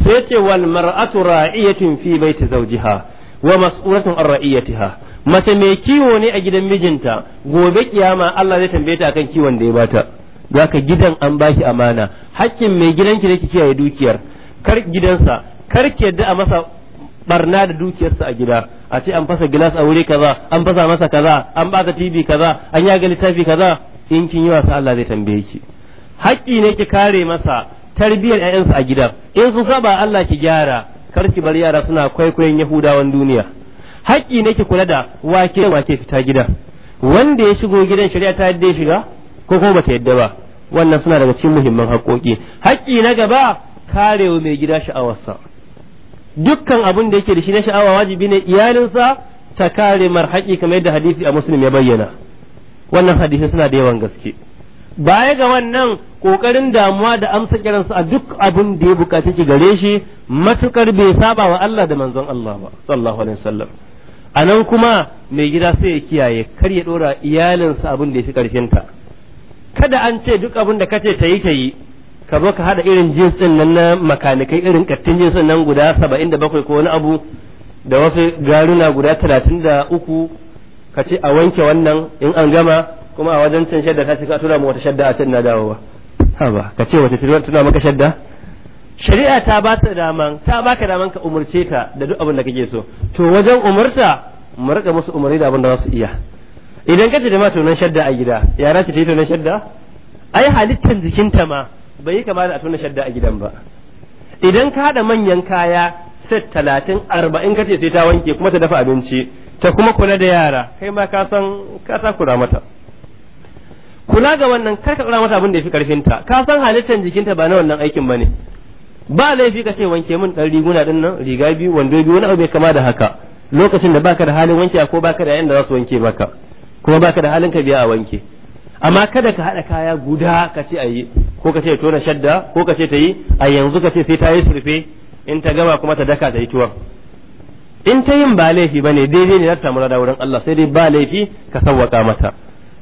[SPEAKER 1] sai ce wal mar'atu ra'iyatin fi baiti zawjiha wa mas'ulatu an ra'iyatiha mace mai kiwo ne a gidan mijinta gobe kiyama Allah zai tambaye ta akan kiwon da ya bata zaka gidan an baki amana hakkin mai gidanki ne ki kiyaye dukiyar kar gidansa kar ki yadda a masa barna da dukiyarsa a gida a ce an fasa gilas a wuri kaza an fasa masa kaza an bata TV kaza an yaga littafi kaza in kin yi wasa Allah zai tambaye ki haƙƙi ne ki kare masa tarbiyyar ƴaƴansu a gidan in sun saba Allah ki gyara kar ki bar yara suna kwaikwayon Yahudawan duniya haƙƙi ne ki kula da wake wake fita gida wanda ya shigo gidan shari'a ta yadda ya shiga ko kuma bata yadda ba wannan suna daga cikin muhimman haƙoƙi haƙƙi na gaba karewa mai gida sha'awarsa dukkan abin da yake da shi na sha'awa wajibi ne iyalinsa ta kare mar haƙi kamar yadda hadisi a muslim ya bayyana wannan hadisi suna da yawan gaske baya ga wannan kokarin damuwa da amsa kiransa a duk abin da ya bukaci ki gare shi matukar bai saba wa Allah da manzon Allah ba sallallahu alaihi wasallam a nan kuma mai gida sai ya kiyaye kar ya dora iyalinsa abin da ya fi karfinta kada an ce duk abin da kace ta yi yi ka zo ka hada irin jinsin nan na makanikai irin kattin jinsin nan guda 77 ko wani abu da wasu garuna guda 33 ka ce a wanke wannan in an gama kuma a wajen can shadda ka ce ka tura mu wata shadda a can na dawowa haba ka ce wata tura tuna maka shadda shari'a ta ba ta daman ta baka daman ka umurce ta da duk abin da kake so to wajen umurta mu rika musu umarni da abin da za su iya idan ka ce da ma tunan shadda a gida yara ce ta yi tunan shadda ai halittar jikinta ma bai yi kama da a tunan shadda a gidan ba idan ka haɗa manyan kaya set talatin arba'in ka ce sai ta wanke kuma ta dafa abinci ta kuma kula da yara kai ma ka san ka takura mata kula ga wannan kar ka tsara mata abin da ya fi karfinta ka san halittar jikinta ba na wannan aikin bane ba laifi ka ce wanke min dan riguna din nan riga biyu wando biyu wani abu bai kama da haka lokacin da baka da halin wanke ko baka da yayin da za su wanke maka kuma baka da halin ka biya a wanke amma kada ka hada kaya guda ka ce ayi ko ka ce tona shadda ko ka ce ta yi a yanzu ka ce sai ta yi surfe in ta gama kuma ta daka ta yi tuwa. in ta yin ba laifi ba ne daidai ne na ta samu da wurin Allah sai dai ba laifi ka sawwaka mata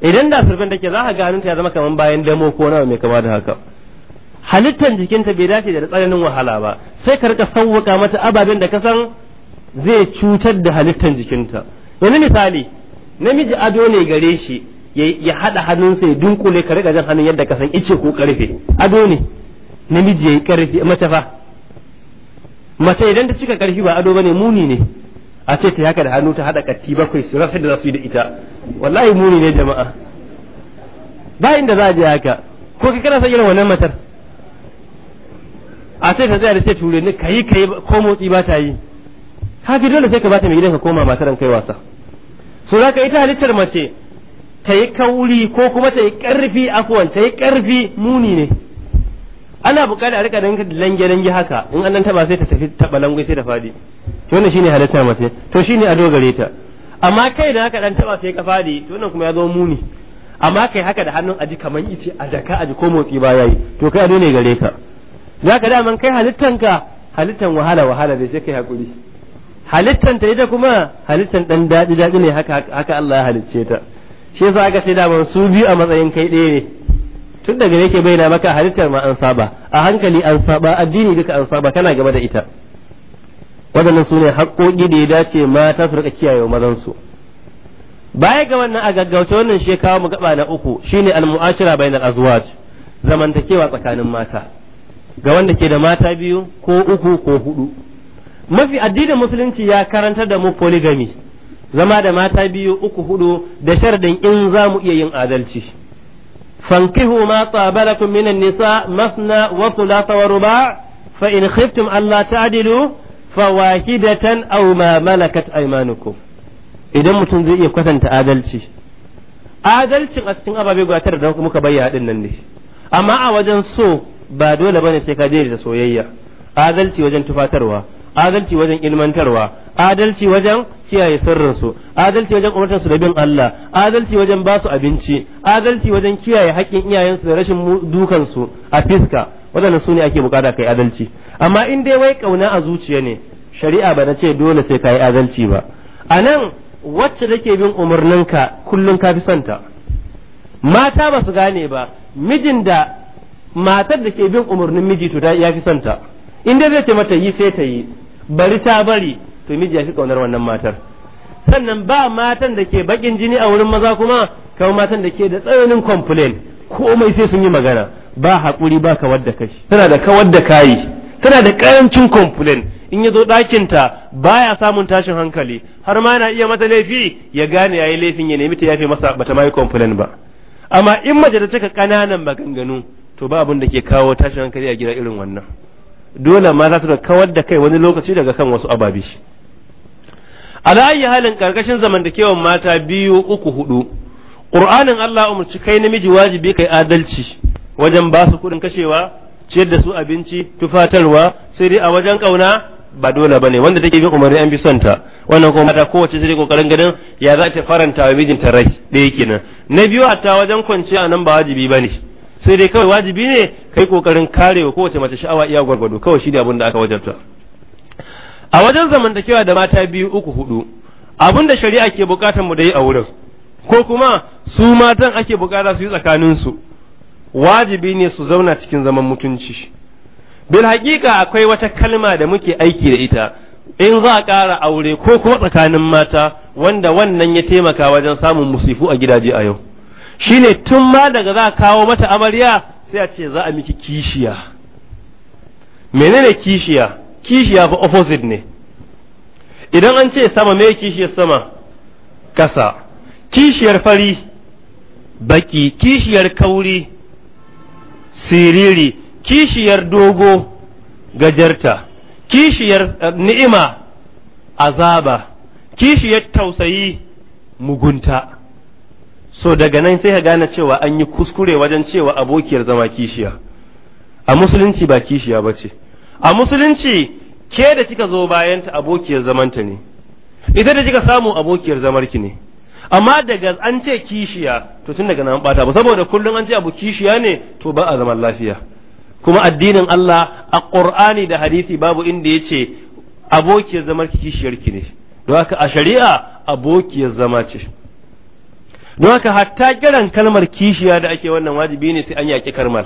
[SPEAKER 1] idan da surfen take za ka ganin ta ya zama kamar bayan damo ko nawa mai kama da haka halittar jikinta bai dace da tsananin wahala ba sai ka rika sauwaka mata ababen da ka san zai cutar da halittar jikinta yanzu misali namiji ado ne gare shi ya haɗa hannunsa ya dunkule ka rika jan hannun yadda ka san ice ko karfe ado ne namiji ya karfe mace fa mace idan ta cika karfi ba ado bane muni ne a ce ta haka da hannu ta hada katti bakwai su rasa da za su yi da ita wallahi muni ne jama'a ba inda za a je haka ko ka kana son irin wannan matar a ce ta tsaya da ce ture ni kayi kayi ko motsi ba ta yi haka dole sai ka ta mai gidan ka koma matar kai wasa so ka ita halittar mace ta yi kauri ko kuma ta yi karfi afuwan ta yi karfi muni ne ana buƙatar a rika danka lange lange haka in an taba sai ta tafi taba lange sai ta fadi to wannan shine halitta mace to shine ado gare ta amma kai da haka dan taba sai ka fadi to wannan kuma ya zo muni amma kai haka da hannun aji kaman ice a jaka aji ko motsi ba yayi to kai ado ne gare ka zaka da man kai halittanka halittan wahala wahala da sai kai hakuri halittan ta ita kuma halittan dan dadi dadi ne haka haka Allah ya halicce ta shi yasa aka sai da man su biyu a matsayin kai ɗaya ne tun daga yake bayyana maka halittar ma an saba a hankali an saba addini duka an saba kana gaba da ita waɗannan su ne haƙoƙi da ya dace mata su rika kiyaye mazansu baya ga wannan a gaggauta wannan shi kawo mu gaba na uku shine al-mu'ashira bainal azwaj zamantakewa tsakanin mata ga wanda ke da mata biyu ko uku ko hudu mafi addinin musulunci ya karantar da mu polygamy zama da mata biyu uku hudu da sharadin in za mu iya yin adalci fankihu ma tsabalakum minan nisa masna wa thulatha wa ruba fa in khiftum alla ta'dilu fawahidatan aw ma malakat aymanukum idan mutum zai iya kwatanta adalci adalci a cikin ababe guda da muka bayyana din nan ne amma a wajen so ba dole bane sai ka da soyayya adalci wajen tufatarwa adalci wajen ilmantarwa adalci wajen kiyaye sirrinsu adalci wajen umartar su da bin Allah adalci wajen basu abinci adalci wajen kiyaye haƙƙin iyayensu da rashin dukansu a fiska waɗannan su ne ake bukata kai adalci amma in dai wai ƙauna a zuciya ne shari'a ba na ce dole sai ka yi adalci ba a nan wacce take bin umarninka kullum ka fi santa mata ba su gane ba mijin da matar da ke bin umarnin miji to ya fi santa in dai zai ce mata yi sai ta yi bari ta bari to miji ya fi kaunar wannan matar sannan ba matan da ke bakin jini a wurin maza kuma kamar matan da ke da tsananin complain komai sai sun yi magana ba haƙuri ba kawar da kai tana da kawar da kayi tana da ƙarancin komfulen in ya zo ɗakinta ya samun tashin hankali har ma yana iya mata laifi ya gane ya yi laifin ya nemi ta yafe masa bata ma yi komfulen ba amma in mace ta cika ƙananan maganganu to ba abin da ke kawo tashin hankali a gida irin wannan dole ma za su da kawar da kai wani lokaci daga kan wasu ababe ala ayyi halin karkashin zamantakewan mata biyu uku hudu ƙuranin Allah umarci kai namiji wajibi kai adalci wajen ba su kuɗin kashewa ciyar da su abinci tufatarwa sai dai a wajen kauna ba dole bane wanda take bin umarni an bi son ta wannan kuma mata kowace sai kokarin ganin ya za ta faranta wa mijinta rai ɗaya kenan na biyu a ta wajen kwanciya nan ba wajibi bane sai dai kawai wajibi ne kai kokarin karewa kowace mace sha'awa iya gwargwado kawai shi ne abin da aka wajabta a wajen zamantakewa da mata biyu uku hudu abun da shari'a ke bukatar mu da yi a wurin ko kuma su matan ake bukata su yi tsakaninsu wajibi ne su zauna cikin zaman mutunci bil haƙiƙa akwai wata kalma da muke aiki da ita in za a ƙara aure ko kuma tsakanin mata wanda wannan ya taimaka wajen samun musifu a gidaje a yau shine tun ma daga za a kawo mata amarya sai a ce za a miki kishiya menene kishiya kishiya fa opposite ne idan an ce sama me kishiyar sama kasa kishiyar fari baki kishiyar kauri siriri kishiyar dogo gajarta kishiyar eh, ni'ima azaba kishiyar tausayi mugunta so daga nan sai ka gane cewa an yi kuskure wajen cewa abokiyar zama kishiya a musulunci ba kishiya ba ce a musulunci ke da kika zo bayanta abokiyar zamanta ne ita da kika samu abokiyar zamarki ne amma daga an ce kishiya to tun daga nan bata ba saboda kullum an ce abu kishiya ne to ba a zaman lafiya kuma addinin Allah a Qur'ani da hadisi babu inda yace abokiyar zamar ki kishiyar ki ne don haka a shari'a abokiyar zama ce don haka hatta kiran kalmar kishiya da ake wannan wajibi ne sai an yaki kalmar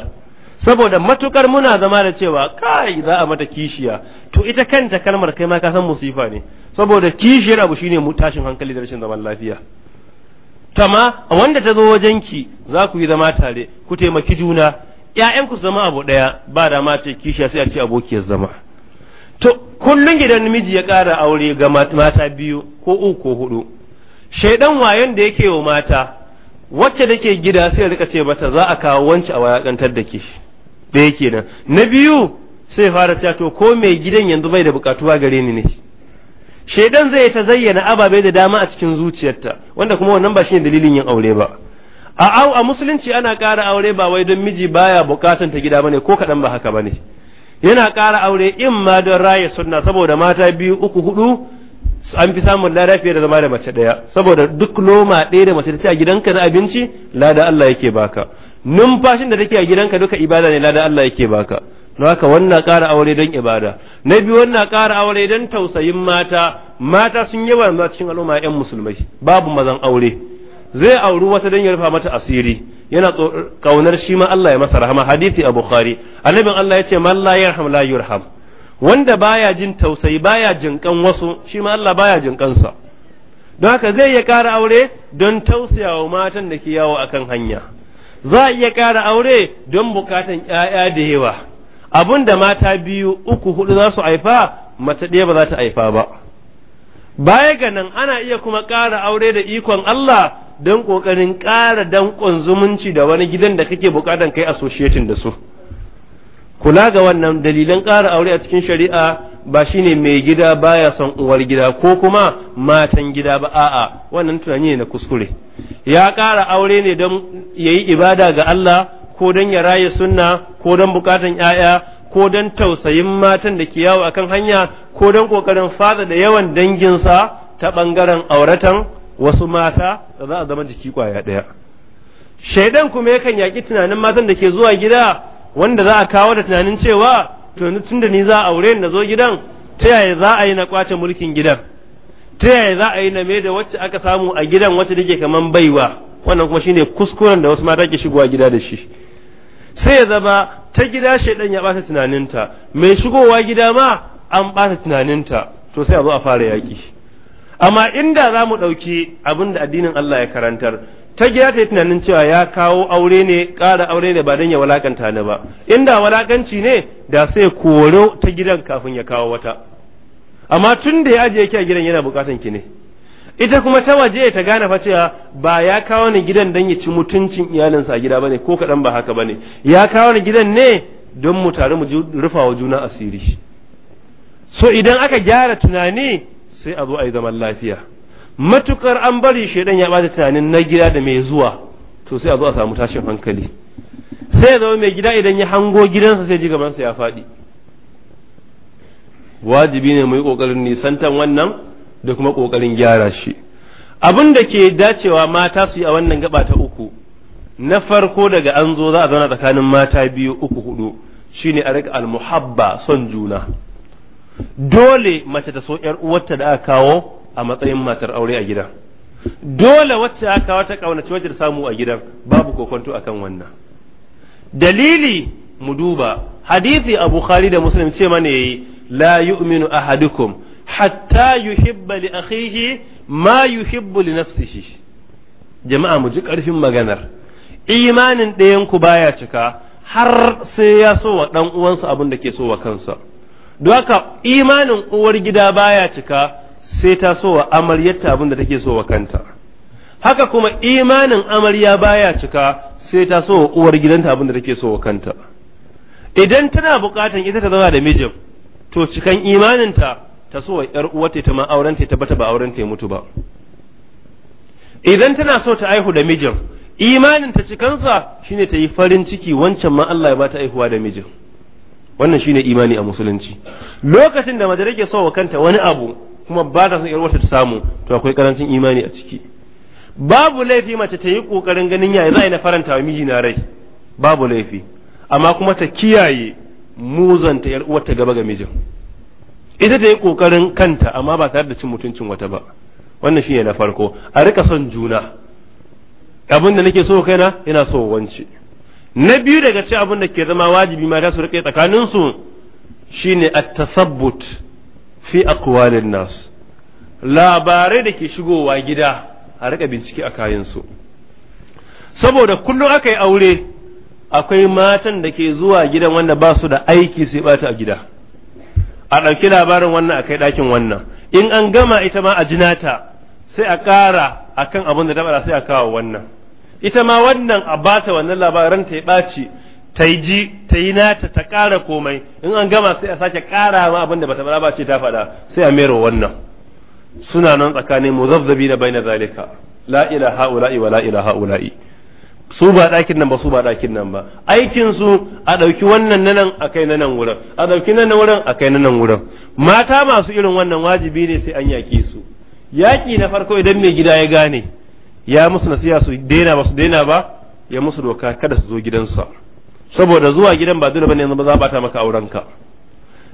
[SPEAKER 1] saboda matukar muna zama da cewa kai za a mata kishiya to ita kanta kalmar kai ma ka san musifa ne saboda kishiyar abu shine mutashin hankali da rashin zaman lafiya tama wanda ta zo wajenki za ku yi zama tare ku taimaki juna ‘ya'yanku su zama abu ɗaya ba da ma kishiya sai a ce abokiyar zama to kullum gidan namiji ya ƙara aure ga mata biyu ko uku ko hudu shaidan wayon da yake wa mata wacce da ke gida sai rika ce bata za a kawo wanci a wayakantar da ke da yake nan na biyu sai fara cewa ko mai gidan yanzu bai da bukatuwa gare ni ne shedan zai ta zayyana ababe da dama a cikin zuciyarta wanda kuma wannan ba shine dalilin yin aure ba a au a musulunci ana ƙara aure ba wai don miji baya bukatan ta gida bane ko kadan ba haka bane yana ƙara aure in ma don raye sunna saboda mata biyu uku hudu an fi samun lada fiye da zama da mace daya saboda duk noma ɗaya da mace ta ci a gidanka na abinci lada Allah yake baka numfashin da take a gidanka duka ibada ne lada Allah yake baka na haka wannan ƙara aure don ibada na biyu wannan ƙara aure don tausayin mata mata sun yi wanzu cikin al'umma 'yan musulmai babu mazan aure zai auri wata don ya rufa mata asiri yana kaunar shi ma Allah ya masa rahama hadisi a bukhari annabin Allah ya ce man la yarham la yurham wanda baya jin tausayi baya jinkan wasu shi ma Allah baya jinkan sa don haka zai iya ƙara aure don tausayawa matan da ke yawo akan hanya za a iya ƙara aure don bukatan 'ya'ya da yawa abun da mata biyu uku hudu za su haifa mace ɗaya ba za ta haifa ba baya ga nan ana iya kuma ƙara aure da ikon Allah don ƙoƙarin ƙara danƙon zumunci da wani gidan da kake buƙatan kai associating da su kula ga wannan dalilan ƙara aure a cikin shari'a ba shine mai gida baya son uwar gida ko kuma matan gida ba a'a wannan tunani ne na kuskure ya ƙara aure ne don yayi ibada ga Allah ko don ya raye sunna ko don bukatan 'ya'ya ko don tausayin matan da ke yawo akan hanya ko don kokarin fada da yawan danginsa ta bangaren auratan wasu mata da za a zama jiki kwaya ɗaya shaidan kuma yakan yaƙi tunanin matan da ke zuwa gida wanda za a kawo da tunanin cewa to tun da ni za a aure na zo gidan ta yaya za a yi na kwace mulkin gidan ta yaya za a yi na da wacce aka samu a gidan wacce take kaman baiwa wannan kuma shine kuskuren da wasu mata ke shigowa gida da shi sai ya zama ta gida shaidan ya bata tunaninta mai shigowa gida ma an bata tunaninta to sai a zo a fara yaƙi amma inda za mu ɗauki abin da addinin Allah ya karantar ta gida ta yi tunanin cewa ya kawo aure ne ƙara aure ne ba don ya walakanta ni ba inda walakanci ne da sai koro ta gidan kafin ya kawo wata amma tun da ya ajiye ki a gidan yana bukatan ki ne ita kuma ta waje ta gane fa cewa ba ya kawo ni gidan dan ya ci mutuncin iyalinsa a gida bane ko kadan ba haka bane ya kawo ni gidan ne don mu tare mu rufa wa juna asiri so idan aka gyara tunani sai a zo a yi zaman lafiya matukar an bari shedan ya bada tunanin na gida da mai zuwa to sai a zo a samu tashin hankali sai ya zama mai gida idan ya hango gidansa sai ji gabansa ya faɗi wajibi ne mu yi ƙoƙarin nisantan wannan da kuma ƙoƙarin gyara shi abin da ke dacewa mata su yi a wannan gaba ta uku na farko daga an zo za a zauna tsakanin mata biyu uku hudu shine a rika almuhabba son juna dole mace ta so yar uwarta da aka kawo a matsayin matar aure a gida dole wacce aka kawo ta kaunaci wacce ta samu a gidan babu kokonto akan wannan dalili mu duba hadisi a bukhari da muslim ce mana yayi la yu'minu ahadukum hatta yuhibba li akhihi ma yuhibbu li nafsihi jama'a mu ji karfin maganar imanin ɗayan ku baya cika har sai ya so wa dan uwansa abin da ke so wa kansa don haka imanin uwar gida baya cika sai ta so wa amaryarta abin da take so wa kanta haka kuma imanin amarya baya cika sai ta so wa uwar gidanta abin da take so wa kanta idan tana bukatan ita ta zama da mijin to cikan imaninta ta so yar uwarta ta ma auren ta bata ba auren ta mutu ba idan tana so ta aihu da mijin imanin ta sa shine ta yi farin ciki wancan ma Allah ya ba ta aihuwa da mijin wannan shine imani a musulunci lokacin da mace take so wa kanta wani abu kuma ba ta son yar uwarta ta samu to akwai karancin imani a ciki babu laifi mace ta yi kokarin ganin yaya za a yi na faranta wa miji na rai babu laifi amma kuma ta kiyaye muzanta yar uwarta gaba ga mijin ita ta yi kokarin kanta amma ba tare da cin mutuncin wata ba wannan shi ne na farko a rika son juna abin da nake so kaina ina so wance na biyu daga cikin abin da ke zama wajibi ma ta su rike tsakanin su shine at-tasabbut fi aqwalin nas labarai da ke shigowa gida a rika bincike a kayan su saboda kullum aka yi aure akwai matan da ke zuwa gidan wanda ba su da aiki sai bata a gida a ɗauki labarin wannan a kai ɗakin wannan in an gama ita ma a jinata sai a ƙara a kan abin da dabara sai a kawo wannan ita ma wannan a bata wannan labaran ta yi ɓaci ta yi ji ta yi nata ta ƙara komai in an gama sai a sake ƙara ma abin da bata bara ba ce ta faɗa sai a mero wannan suna nan tsakanin muzabzabi da na zalika la ila ha'ula'i wa la ila ha'ula'i su ba ɗakin nan ba su ba ɗakin nan ba aikin su a ɗauki wannan na nan a kai na nan wurin a ɗauki nan wurin a kai na nan wurin mata masu irin wannan wajibi ne sai an yaki su yaƙi na farko idan mai gida ya gane ya musu nasiya su daina ba su daina ba ya musu doka kada su zo gidansa saboda zuwa gidan ba dole bane yanzu ba za bata maka aurenka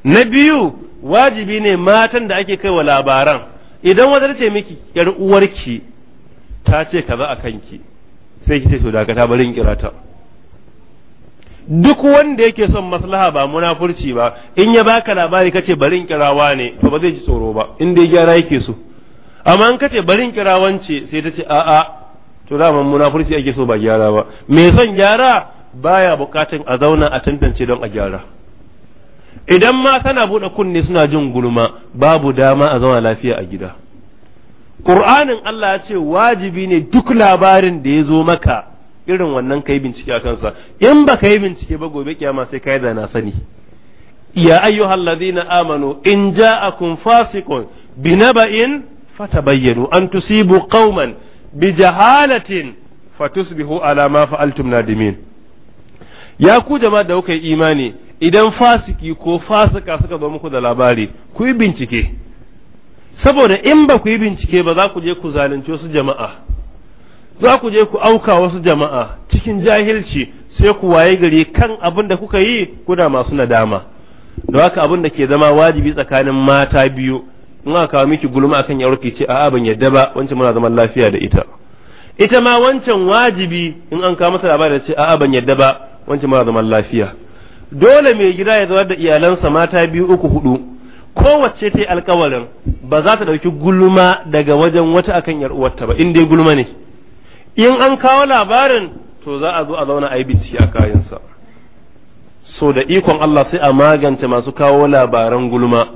[SPEAKER 1] na biyu wajibi ne matan da ake kaiwa labaran idan wata ce miki yar uwarki ta ce kaza a kanki sai ki ce to dakata bari in kira ta duk wanda yake son maslaha ba munafurci ba in ya baka labari kace bari in kirawa ne to ba zai ji tsoro ba in dai gyara yake so amma in kace barin in kira sai ta ce a'a to da man munafurci ake so ba gyara ba me son gyara baya bukatun a zauna a tantance don a gyara idan ma tana bude kunne suna jin gulma babu dama a zauna lafiya a gida Qur'anin Allah ya ce wajibi ne duk labarin da ya zo maka irin wannan kai bincike a kansa in ba ka yi bincike ba gobe kiyama sai kai da na sani ya ayyuhal ladina amanu in ja'akum fasiqun binaba'in fatabayyanu an tusibu qauman jahalatin fatusbihu ala ma fa'altum nadimin ya ku jama'a da kuka yi imani idan fasiki ko fasika suka zo muku da labari ku yi bincike saboda in ba ku yi bincike ba za ku je ku zalunci wasu jama'a za ku je ku auka wasu jama'a cikin jahilci sai ku waye gari kan abin da kuka yi kuna masu nadama da haka abin da ke zama wajibi tsakanin mata biyu in aka kawo miki gulma akan yaro ki ce a'a ban yadda ba wancan muna zaman lafiya da ita ita ma wancan wajibi in an kawo mata labari da ce a'a ban yadda ba wancan muna zaman lafiya dole mai gida ya zama da iyalansa mata biyu uku hudu kowace ta yi alkawarin ba za ta ɗauki gulma daga wajen wata akan yar uwarta ba in dai gulma ne in an kawo labarin to za a zo a zauna a yi bincike a kayansa so da ikon Allah sai a magance masu kawo labaran gulma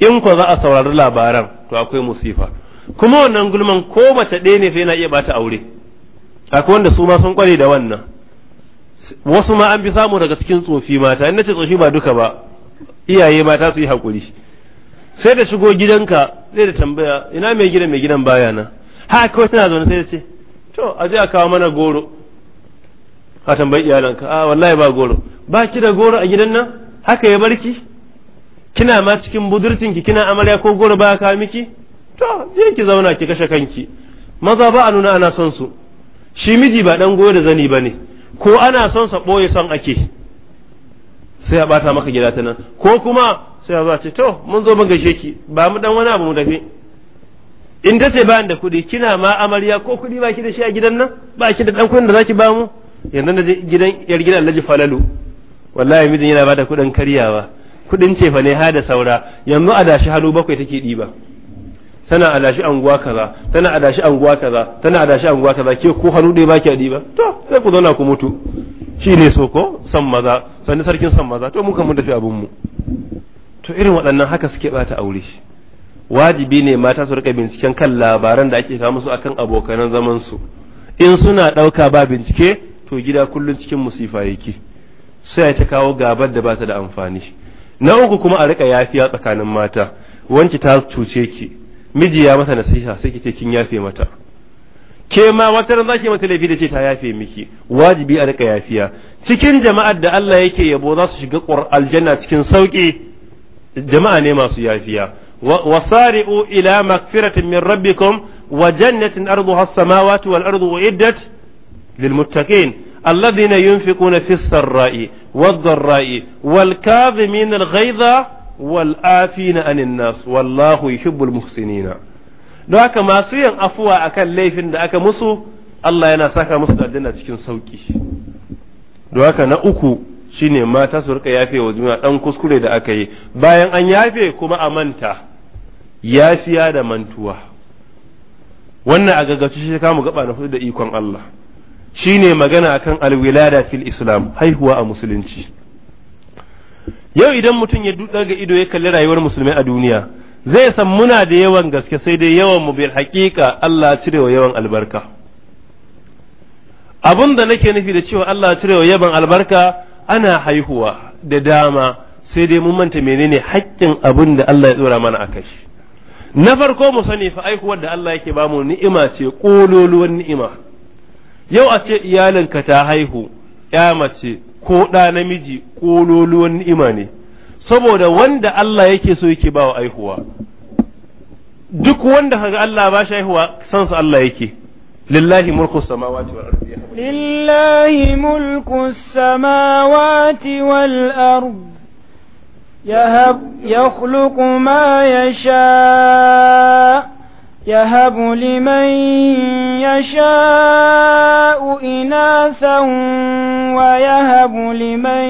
[SPEAKER 1] in ko za a saurari labaran to akwai musifa kuma wannan gulman ko mace ɗaya ne sai na iya bata aure akwai wanda su ma sun kware da wannan wasu ma an bi samu daga cikin tsofi mata in ce tsofi ba duka ba iyaye mata su yi haƙuri. sai da shigo gidanka zai da tambaya ina mai gidan mai gidan baya na ha kawai tana zaune sai da ce to a je a kawo mana goro ka tambayi iyalanka a ah, wallahi ba goro ba ki da goro a gidan nan haka ya barki kina ma cikin ki kina amarya ko goro ba ka miki to je ki zauna ki kashe kanki maza ba a nuna ana son su shi miji ba dan goyo da zani ba ne ko ana son sa boye son ake sai a bata maka gida ta nan ko kuma sai ba ce to mun zo mun gaishe ki ba mu dan wani abu mu dafe in ta ce bayan da kuɗi kina ma amarya ko kuɗi ba ki da shi a gidan nan ba ki da dan kuɗin da zaki ba mu yanzu na gidan yar gidan laji Falalu wallahi mijin yana bada kuɗin karyawa kuɗin cefa ne ha da saura yanzu a dashi hannu bakwai take ɗiba tana a dashi anguwa kaza tana a dashi anguwa kaza tana a dashi anguwa kaza ke ko hannu ɗaya baki a ɗiba to sai ku zauna ku mutu shi ne so san maza sannan sarkin san maza to mun muka mun tafi abin mu to irin waɗannan haka suke ɓata aure wajibi ne mata su rika binciken kan labaran da ake kawo musu akan abokanan zaman su in suna ɗauka ba bincike to gida kullum cikin musifa yake sai ta kawo gabar da ba da amfani na uku kuma a rika yafiya tsakanin mata wanki ta cuce ki miji ya mata nasiha sai ki ce kin yafe mata ke ma wata ran zaki mata laifi da ce ta yafe miki wajibi a rika yafiya cikin jama'ar da Allah yake yabo za su shiga aljanna cikin sauki jama'a ne masu yafiya wasari'u ila magfiratin min rabbikum wa jannatin arduha as-samawati wal ardu uiddat lil muttaqin alladhina yunfiquna fis sarra'i wad dharra'i wal kadhimin al ghaidha wal afina anin nas wallahu yuhibbul muhsinina don haka masu yin afuwa akan laifin da aka musu Allah yana saka musu da cikin sauki don haka na uku shine mata su rika yafe wa juna dan kuskure da aka yi bayan an yafe kuma a manta ya siya da mantuwa wannan a gaggace shi kamu gaba na hudu da ikon Allah shine magana akan alwilada fil islam haihuwa a musulunci yau idan mutum ya daga ido ya kalli rayuwar musulmai a duniya zai san muna da yawan gaske sai dai yawan mu bil haƙiƙa Allah cire wa yawan albarka abun da nake nufi da cewa Allah cire wa yawan albarka ana haihuwa da dama sai dai mun manta menene haƙƙin abin da Allah ya tsora mana a kai. na farko mu sani fa aihuwar da Allah yake bamu ni'ima ce kololuwar ni'ima yau a ce iyalinka ta haihu ya mace ko ɗa namiji kololuwar ni'ima ne saboda wanda Allah yake so yake bawa aihuwa duk wanda kaga Allah ba shi haihuwa san Allah yake لله ملك السماوات والأرض
[SPEAKER 2] لله ملك السماوات والأرض يهب يخلق ما يشاء يهب لمن يشاء إناثا ويهب لمن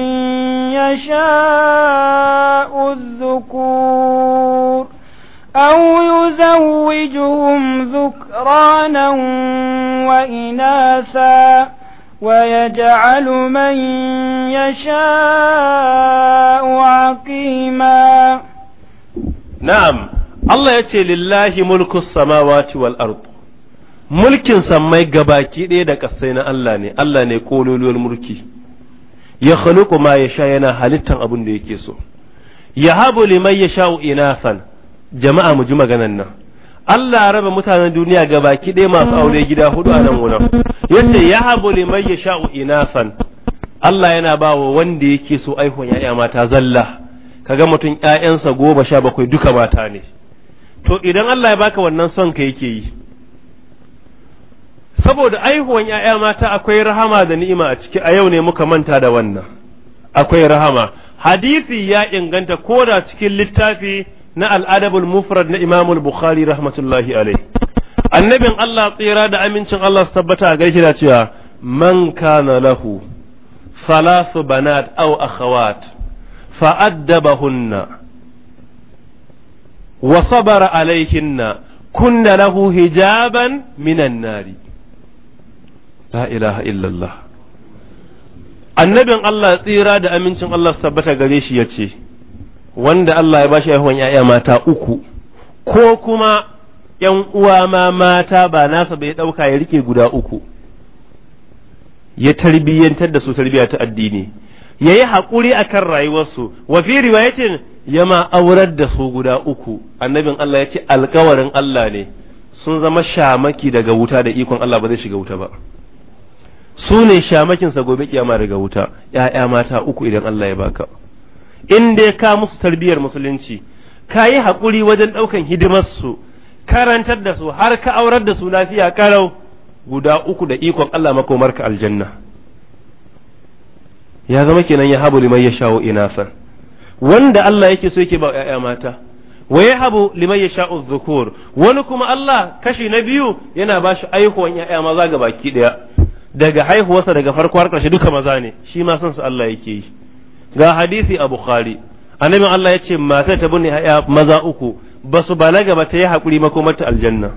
[SPEAKER 2] يشاء الذكور أو يزوجهم ذكرانا وإناثا ويجعل من يشاء عقيما
[SPEAKER 1] نعم الله يتي لله ملك السماوات والأرض ملك سمي قباكي ليدك السينة الله ني الله ني قولوا له الملك يخلق ما يشاء ينا هلتا أبن ديكيسو يهب لمن يشاء إناثا jama'a mu ji maganan nan Allah ya raba mutanen duniya ga baki ɗaya masu aure gida hudu a nan wurin yace ya habu liman yasha'u inasan Allah yana bawa wa wanda yake so aihon ya'ya mata zalla kaga mutum ƴaƴansa goma sha bakwai duka mata ne to idan Allah ya baka wannan son ka yake yi saboda aihuwan ‘ya'ya mata akwai rahama da ni'ima a ciki a yau ne muka manta da wannan akwai rahama hadisi ya inganta koda cikin littafi na al'adabul mufrad na imamul bukhari rahmatullahi alaihi annabin Allah tsira da amincin Allah su tabbata a gaishe da cewa man kana lahu salasu banat aw akhawat fa addabahunna wa sabara alaihinna kunna lahu hijaban minan nari la ilaha illallah annabin Allah tsira da amincin Allah su tabbata gare shi ce wanda Allah ya ba shi haihuwan ‘ya'ya mata uku ko kuma ‘yan uwa ma mata ba nasa bai ɗauka ya rike guda uku ya tarbiyyantar da su tarbiyya ta addini ya yi haƙuri a kan rayuwarsu wa fi riwayatin ya ma aurar da su guda uku annabin Allah ya ce alkawarin Allah ne sun zama shamaki daga wuta da ikon Allah ba zai shiga wuta ba su ne shamakinsa gobe kiyama daga wuta ‘ya'ya mata uku idan Allah ya baka. in ya ka musu tarbiyyar musulunci ka yi haƙuri wajen ɗaukan hidimarsu karantar da su har ka aurar da su lafiya karau guda uku da ikon Allah makomarka aljanna ya zama kenan ya habu liman ya shawo inasa wanda Allah yake so yake ba ƴaƴa mata wa ya habu liman ya sha'u dhukur wani kuma Allah kashi na biyu yana ba shi aihuwan ƴaƴa maza ga baki ɗaya daga haihuwarsa daga farko har ƙarshe duka maza ne shi ma son su Allah yake yi ga hadisi a bukhari annabi Allah ya ce matar ta binne maza uku ba su balaga ba ta yi haƙuri makomarta aljanna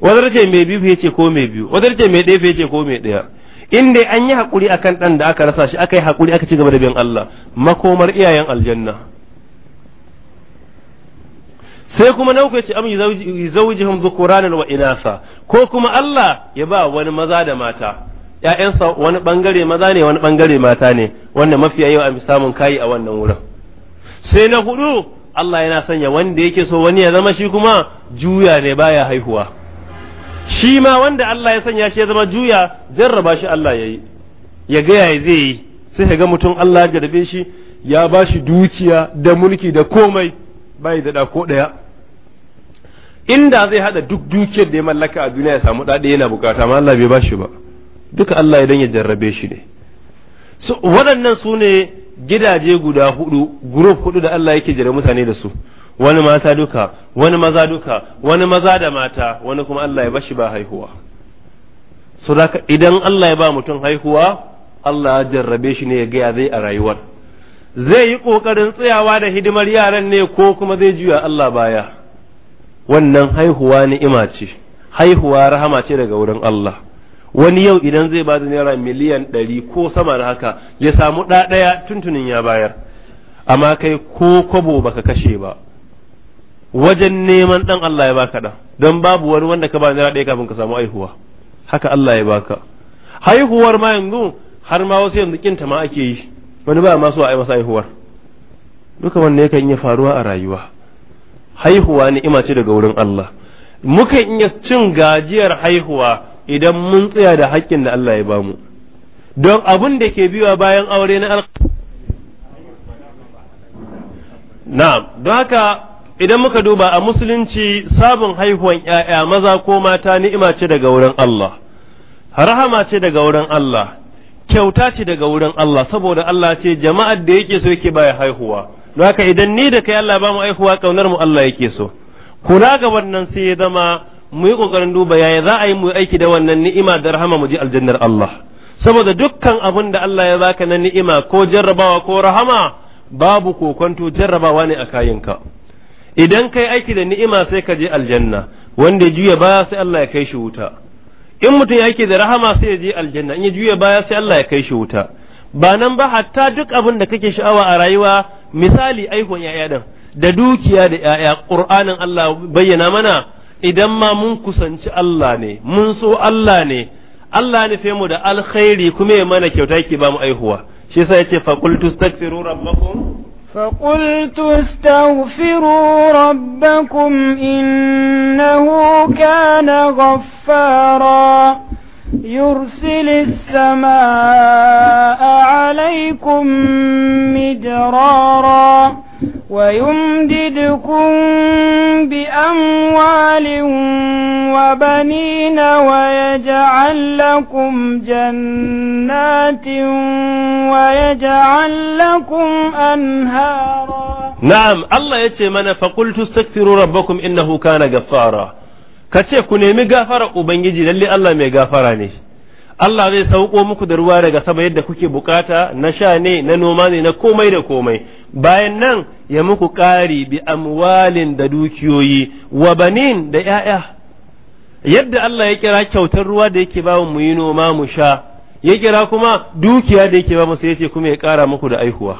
[SPEAKER 1] wadar ce mai biyu ya ko mai biyu wadar ce mai ɗaya ya ko mai ɗaya in dai an yi haƙuri akan ɗan da aka rasa shi aka yi haƙuri aka ci gaba da bin Allah makomar iyayen aljanna sai kuma na uku ya ce am yi zaujihim wa inasa ko kuma Allah ya ba wani maza da mata ‘ya'yansa wani ɓangare maza ne wani ɓangare mata ne wanda mafiya yau a samun kayi a wannan wurin sai na hudu Allah yana sanya wanda yake so wani ya zama shi kuma juya ne baya haihuwa shi ma wanda Allah ya sanya shi ya zama juya jarraba shi Allah ya yi ya gaya ya zai yi sai ka ga mutum Allah ya jarrabe shi ya ba shi dukiya da mulki da komai bai da ko ɗaya inda zai hada duk dukiyar da ya mallaka a duniya ya samu ɗaɗe yana bukata amma Allah bai ba shi ba duka Allah idan ya jarrabe shi ne so waɗannan su ne gidaje guda hudu group hudu da Allah yake jira mutane da su wani mata duka wani maza duka wani maza da mata wani kuma Allah ya bashi ba haihuwa so idan Allah ya ba mutum haihuwa Allah ya jarrabe shi ne ya gaya zai a rayuwar zai yi ƙoƙarin tsayawa da hidimar yaran ne ko kuma zai juya Allah baya wannan haihuwa ni'ima ce haihuwa rahama ce daga wurin Allah wani yau idan zai ba da naira miliyan ɗari ko sama da haka ya samu ɗaya tuntunin ya bayar amma kai ko kwabo baka kashe ba wajen neman ɗan Allah ya baka ɗan don babu wani wanda ka ba naira ɗaya kafin ka samu haihuwa haka Allah ya baka haihuwar ma yanzu har ma wasu yanzu kinta ma ake yi wani ba ma so a yi masa haihuwar duka wanne yakan iya faruwa a rayuwa haihuwa ne ce daga wurin Allah mukan iya cin gajiyar haihuwa idan mun tsaya da haƙƙin da Allah ya bamu don abin da ke biwa bayan aure na na don haka idan muka duba a musulunci sabon haihuwan ‘ya'ya maza ko mata ni'ima ce daga wurin Allah rahama ce daga wurin Allah kyauta ce daga wurin Allah saboda Allah ce jama'ar da yake so yake baya haihuwa don haka idan ni da kai Allah ba mu haihuwa ƙaunar mu Allah yake so kula ga wannan sai ya zama mu yi kokarin duba yaya za a yi mu aiki da wannan ni'ima da rahama mu ji aljannar Allah saboda dukkan abin da Allah ya zaka na ni'ima ko jarrabawa ko rahama babu kokonto jarrabawa ne a kayanka idan kai aiki da ni'ima sai ka je aljanna wanda ya juya baya sai Allah ya kai shi wuta in mutum ya aiki da rahama sai ya je aljanna in ya juya baya sai Allah ya kai shi wuta ba nan ba hatta duk abin da kake sha'awa a rayuwa misali aikon 'ya'ya da dukiya da 'ya'ya ƙur'anin Allah bayyana mana idan ma mun kusanci Allah ne mun so Allah ne Allah ne fe mu da alkhairi kuma ya mana kyauta yake ba mu aihuwa shi yasa yace fa qultu astaghfiru rabbakum
[SPEAKER 2] fa qultu astaghfiru rabbakum innahu kana ghaffara يرسل السماء عليكم مدرارا ويمددكم بأموال وبنين ويجعل لكم جنات ويجعل لكم أنهارا
[SPEAKER 1] نعم الله يتي من فقلت استكثروا ربكم إنه كان غفارا kace ku nemi gafara ubangiji الله Allah mai Allah zai sauko muku da ruwa daga sama yadda kuke bukata na sha ne na noma ne na komai da komai bayan nan ya muku ƙari bi amwalin da dukiyoyi wa banin da ‘ya'ya yadda Allah ya kira kyautar ruwa da yake bawa mu yi noma mu sha ya kira kuma dukiya da yake ba mu sai yace kuma ya ƙara muku da aihuwa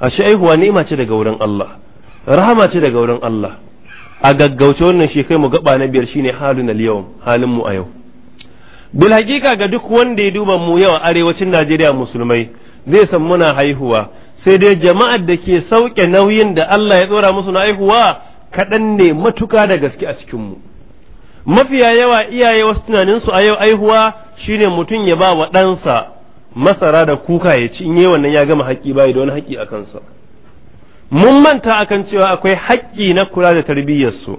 [SPEAKER 1] ashe aihuwa ni'ima ce daga wurin Allah rahama ce daga wurin Allah a gaggauce wannan shi kai mu gaba na biyar shine halun al-yawm halin mu a yau bil hakika ga duk wanda ya duba mu yawa arewacin Najeriya musulmai zai san muna haihuwa sai dai jama'ar da ke sauke nauyin da Allah ya tsora musu na haihuwa kaɗan ne matuka da gaske a cikin mu mafiya yawa iyaye wasu tunaninsu a yau aihuwa shine mutum ya ba wa ɗansa masara da kuka ya ci in yi wannan ya gama haƙƙi bai da wani haƙƙi a kansa mun manta akan cewa akwai haƙƙi na kula da tarbiyyarsu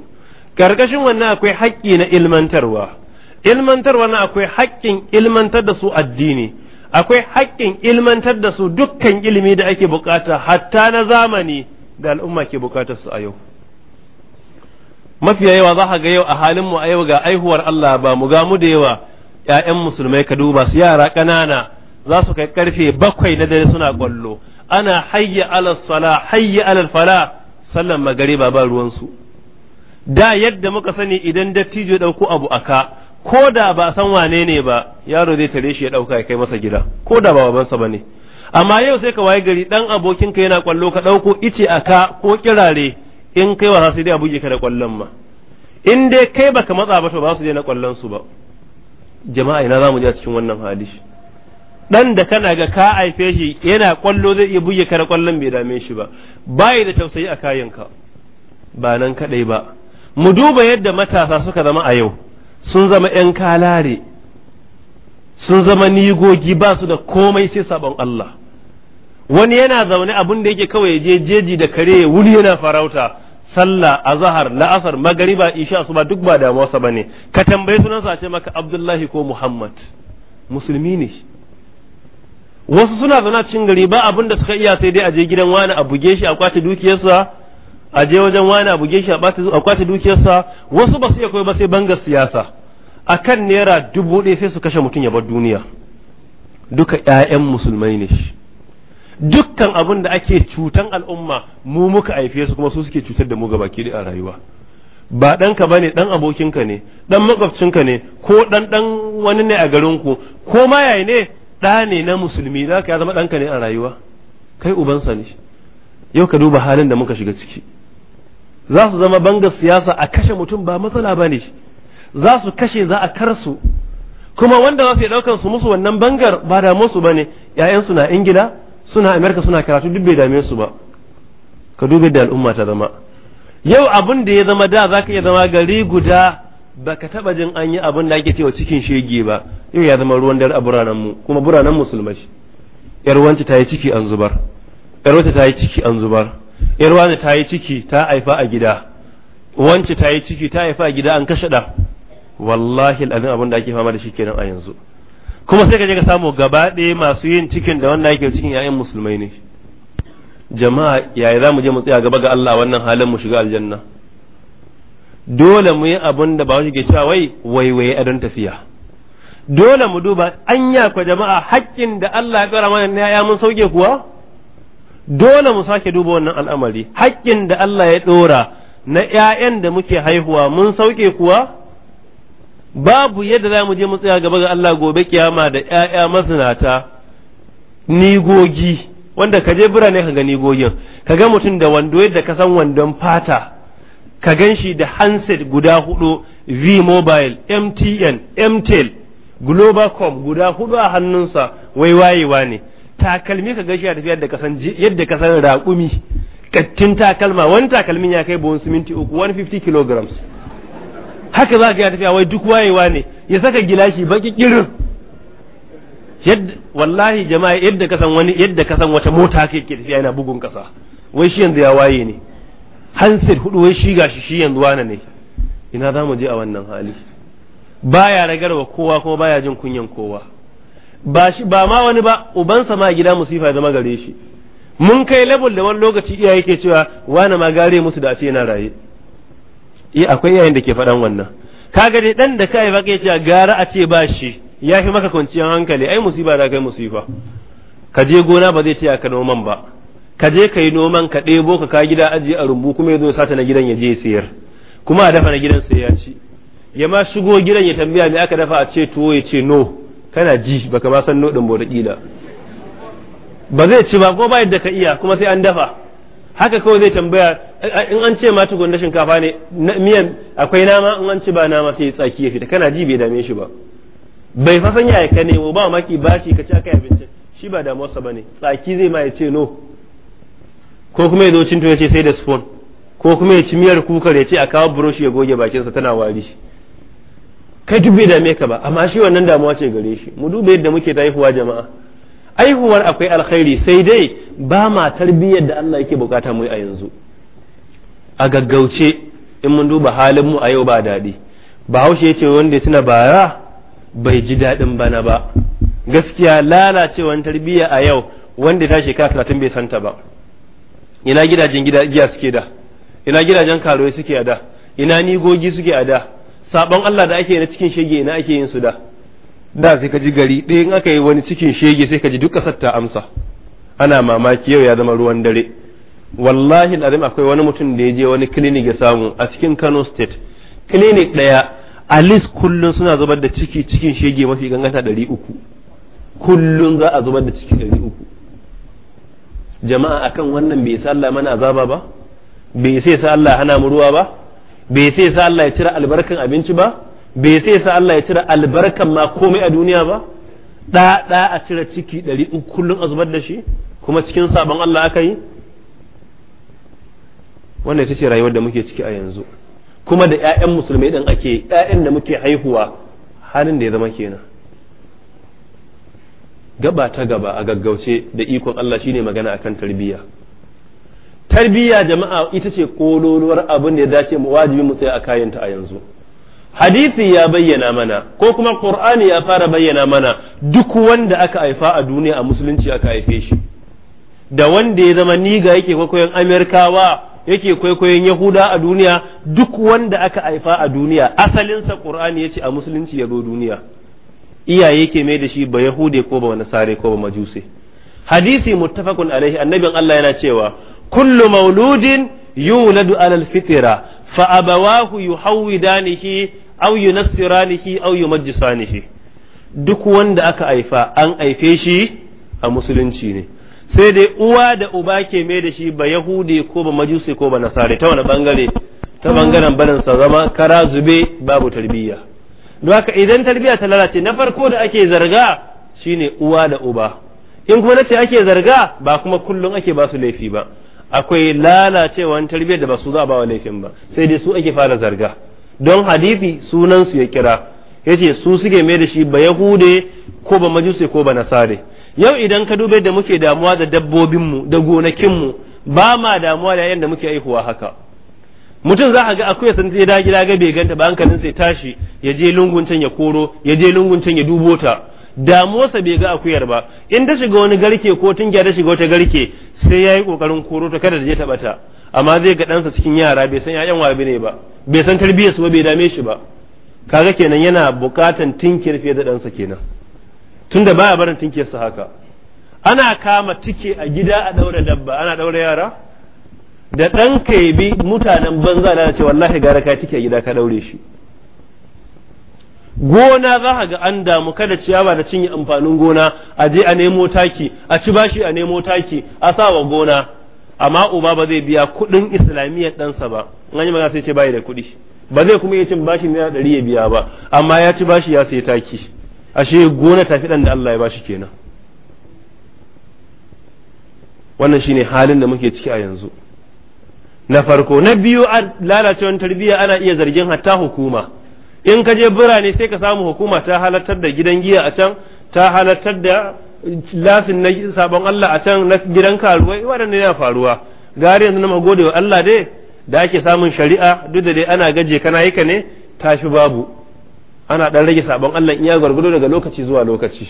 [SPEAKER 1] ƙarƙashin wannan akwai haƙƙi na ilmantarwa ilmantar wannan akwai haƙƙin ilmantar da su addini akwai haƙƙin ilmantar da su dukkan ilimi da ake bukata hatta na zamani da al'umma ke bukatar su a yau mafiya yawa za ga yau a halin mu a yau ga aihuwar Allah ba mu ga mu da yawa ƴaƴan musulmai ka duba su yara ƙanana za su kai karfe bakwai na dare suna kwallo ana hayya alal sala hayya alal fala sallan magariba ba ruwan su da yadda muka sani idan dattijo ya ɗauko abu aka ko da ba san wane ne ba yaro zai tare shi ya ɗauka ya kai masa gida ko da ba babansa ba ne amma yau sai ka waye gari ɗan abokinka yana kwallo ka ɗauko ice a ka ko kirare in kai wasa sai dai a buge ka da kwallon ma in dai kai baka matsa ba to ba su je na kwallon su ba jama'a ina za mu je a cikin wannan hali dan da kana ga ka haife shi yana kwallo zai iya buge ka da kwallon bai dame shi ba bai da tausayi a kayanka ba nan kadai ba mu duba yadda matasa suka zama a yau sun zama ‘yan kalare sun zama nigogi ba su da komai sai sabon Allah wani yana zaune abin da yake kawai je jeji da kare wuri yana farauta sallah azahar la'asar magariba isha su ba duk ba da ba ne ka tambaye su sa ce maka abdullahi ko muhammad musulmi ne wasu suna zaune cin gari ba abin da suka iya sai dai a je gidan wani a buge shi a kwace dukiyarsa a je wajen wani a buge shi a bata a kwace dukiyarsa wasu ba su iya koyi ba sai bangar siyasa a kan naira dubu ɗaya sai su kashe mutum ya bar duniya duka ƴaƴan musulmai ne dukkan abin da ake cutan al'umma mu muka haife su kuma su suke cutar da mu gaba ki a rayuwa ba ɗanka ba ne ɗan abokinka ne ɗan makwabcinka ne ko ɗan ɗan wani ne a garinku ko ma yayi ne ɗa ne na musulmi za ka ya zama ɗanka ne a rayuwa kai ubansa ne yau ka duba halin da muka shiga ciki za su zama bangar siyasa a kashe mutum ba matsala ba ne za su kashe za a kar su kuma wanda za su yi daukar su musu wannan bangar ba da musu ba ne ‘ya'yansu na ingila suna amerika suna karatu duk bai dame su ba ka dube da al'umma ta zama yau abin da ya zama da za ka iya zama gari guda ba ka taɓa jin an yi abin da ake cewa cikin shege ba yau ya zama ruwan dare a mu kuma buranan musulmai yarwanci ta yi ciki an zubar yarwanci ta yi ciki an zubar irwani ta yi ciki ta haifa a gida wance ta yi ciki ta haifa a gida an kashe ɗa wallahi al'adun abin da ake fama da shi kenan a yanzu kuma sai ka je ka samu gaba ɗaya masu yin cikin da wanda ake cikin yayan musulmai ne jama'a yaya za mu je mu tsaya gaba ga Allah wannan halin mu shiga aljanna dole mu yi abin da ba ke cewa wai waiwaye a don tafiya dole mu duba anya kwa jama'a haƙƙin da Allah ya ƙara mana ya mun sauke kuwa dole mu sake duba wannan al'amari haƙƙin da Allah ya ɗora na ‘ya'yan da muke haihuwa mun sauƙe kuwa babu yadda za mu je mu tsaya gaba ga Allah gobe kiyama da ‘ya'ya mazinata nigogi wanda ka je birane ka ga nigogin ka ga mutum da wando yadda ka san wandon fata ka gan shi da handset guda hudu v mobile mtn mtel globalcom guda hudu a hannunsa wai wayewa ne takalmi ka gashi a tafiyar da kasan yadda kasan raƙumi kattin takalma wani takalmin ya kai buhun siminti uku 150 kg haka za ka yi tafiya wai duk wayewa ne ya saka gilashi baki kirin yadda wallahi jama'a yadda kasan wani yadda kasan wata mota ka yake tafiya yana bugun kasa wai shi yanzu ya waye ne hansir hudu wai shi gashi shi yanzu wane ne ina za mu je a wannan hali baya ragarwa kowa kuma baya jin kunyan kowa ba shi ba ma wani ba ubansa ma gida musifa ya zama gare shi mun kai labul da wani lokaci iyaye ke cewa wani ma gare musu da a ce yana raye eh akwai iyayen da ke faɗan wannan kaga dai dan da kai baka cewa gara a ce ba shi ya fi maka kwanciyar hankali ai musiba da kai musifa ka je gona ba zai taya ka noman ba ka je ka noman ka ɗebo ka ka gida ajiye a rumbu kuma ya zo sata na gidan ya je sayar kuma a dafa na gidan sai ya ci ya ma shigo gidan ya tambaya me aka dafa a ce tuwo ya ce no kana ji baka ma san nodin ba kila ba zai ci ba ko ba yadda ka iya kuma sai an dafa haka kawai zai tambaya in an ce ma tukun da shinkafa ne miyan akwai nama in an ci ba nama sai tsaki ya fita kana ji bai dame shi ba bai fa san yaya ka nemo ba maki bashi ka ci aka abincin shi ba damuwarsa ba ne tsaki zai ma ya ce no ko kuma ya zo cin ya ce sai da spoon ko kuma ya ci miyar kukar ya ce a kawo buroshi ya goge bakinsa tana wari kai duk bai dame ka ba amma shi wannan damuwa ce gare shi mu duba yadda muke ta haihuwa jama'a haihuwar akwai alkhairi sai dai ba ma tarbiyyar da Allah yake bukata mu a yanzu a gaggauce in mun duba halin mu a yau ba daɗi ba haushe ce wanda tuna bara bai ji daɗin bana ba gaskiya lalacewar tarbiyya a yau wanda ta shekara talatin bai santa ba ina gidajen gida giya suke da ina gidajen karuwai suke a da ina nigogi suke a da sabon Allah da ake na cikin shege na ake yin su da da sai ka ji gari ɗaya in aka yi wani cikin shege sai ka ji duka satta amsa ana mamaki yau ya zama ruwan dare wallahi al'azim akwai wani mutum da ya je wani clinic ya samu a cikin Kano state
[SPEAKER 2] clinic ɗaya
[SPEAKER 1] a list kullum suna zubar da ciki cikin shege mafi gangata ɗari uku kullum za a zubar da ciki ɗari uku jama'a akan wannan bai sa Allah mana azaba ba bai sai sa Allah hana mu ruwa ba bai sai sa Allah ya cire albarkan abinci ba bai sai sa Allah ya cire albarkan ma komai a duniya ba da da a cire ciki ɗari uku kullum a zubar da shi kuma cikin sabon Allah aka yi wannan ita ce rayuwar da muke ciki a yanzu kuma da 'ya'yan musulmai ɗin ake 'ya'yan da muke haihuwa halin da ya zama kenan gaba ta gaba a gaggauce da ikon Allah shine magana akan tarbiyya tarbiyya jama'a ita ce kololuwar abin da ya dace mu wajibi mu tsaya a kayanta a yanzu hadisi ya bayyana mana ko kuma qur'ani ya fara bayyana mana duk wanda aka haifa a duniya a musulunci aka haife shi da wanda ya zama niga yake kwaikwayon amerikawa yake kwaikwayon yahuda a duniya duk wanda aka haifa a duniya asalinsa qur'ani ce a musulunci ya zo duniya iyaye ke mai da shi ba yahude ko ba nasare ko ba majuse hadisi muttafaqun alaihi annabin Allah yana cewa kullu mauludin yuladu alal fitira fa abawahu yuhawidanihi aw yunassiranihi aw yumajjisanihi duk wanda aka haifa an haife shi a musulunci ne sai dai uwa da uba ke mai da shi ba yahudi ko ba majusi ko ba nasare ta wani bangare ta bangaren barin sa zama kara zube babu tarbiyya don haka idan tarbiyya ta lalace na farko da ake zarga shine uwa da uba in kuma nace ake zarga ba kuma kullum ake ba su laifi ba akwai lalacewan tarbiyyar da ba su za a bawa laifin ba sai dai su ake fara zarga don hadithi sunansu ya kira ya ce su suke mai da shi ba yahude ko ba majuse ko ba nasare yau idan ka dube da muke damuwa da dabbobinmu da gonakinmu ba ma damuwa da yayin da muke aihuwa haka mutum za a ga akwai san sai da gida ga bai ganta ba hankalin sai tashi ya je lungun can ya koro ya je lungun can ya dubo ta damuwarsa bai ga akuyar ba in ta shiga wani garke ko tungiya ta shiga wata garke sai ya yi kokarin koro ta kada ta je taɓa ta amma zai ga ɗansa cikin yara bai san 'ya'yan wabi ne ba bai san tarbiyyarsu ba bai dame shi ba kaga kenan yana bukatan tunkiyar fiye da ɗansa kenan tunda baya barin tinkiyarsa haka ana kama tike a gida a ɗaura dabba ana ɗaura yara da ɗan ka bi mutanen banza da ce wallahi gara ka tike a gida ka ɗaure shi gona za ka ga an damu kada ciyawa da cinye amfanin gona a je a nemo taki a ci bashi a nemo taki a sa wa gona amma uba ba zai biya kuɗin islamiyyar ɗansa ba an yi magana sai ce bayi da kuɗi ba zai kuma iya cin bashi naira ɗari ya biya ba amma ya ci bashi ya sai taki ashe gona tafi ɗan da Allah ya bashi kenan wannan shine halin da muke ciki a yanzu na farko na biyu a lalacewar tarbiyya ana iya zargin hatta hukuma in ka je birane sai ka samu hukuma ta halartar da gidan giya a can ta halartar da lasin na sabon Allah a can na gidan karuwai waɗanda yana faruwa gari yanzu na magode wa Allah dai da ake samun shari'a duk da dai ana gaje kana yi ka ne tashi babu ana ɗan rage sabon Allah iya gwargwado daga lokaci zuwa lokaci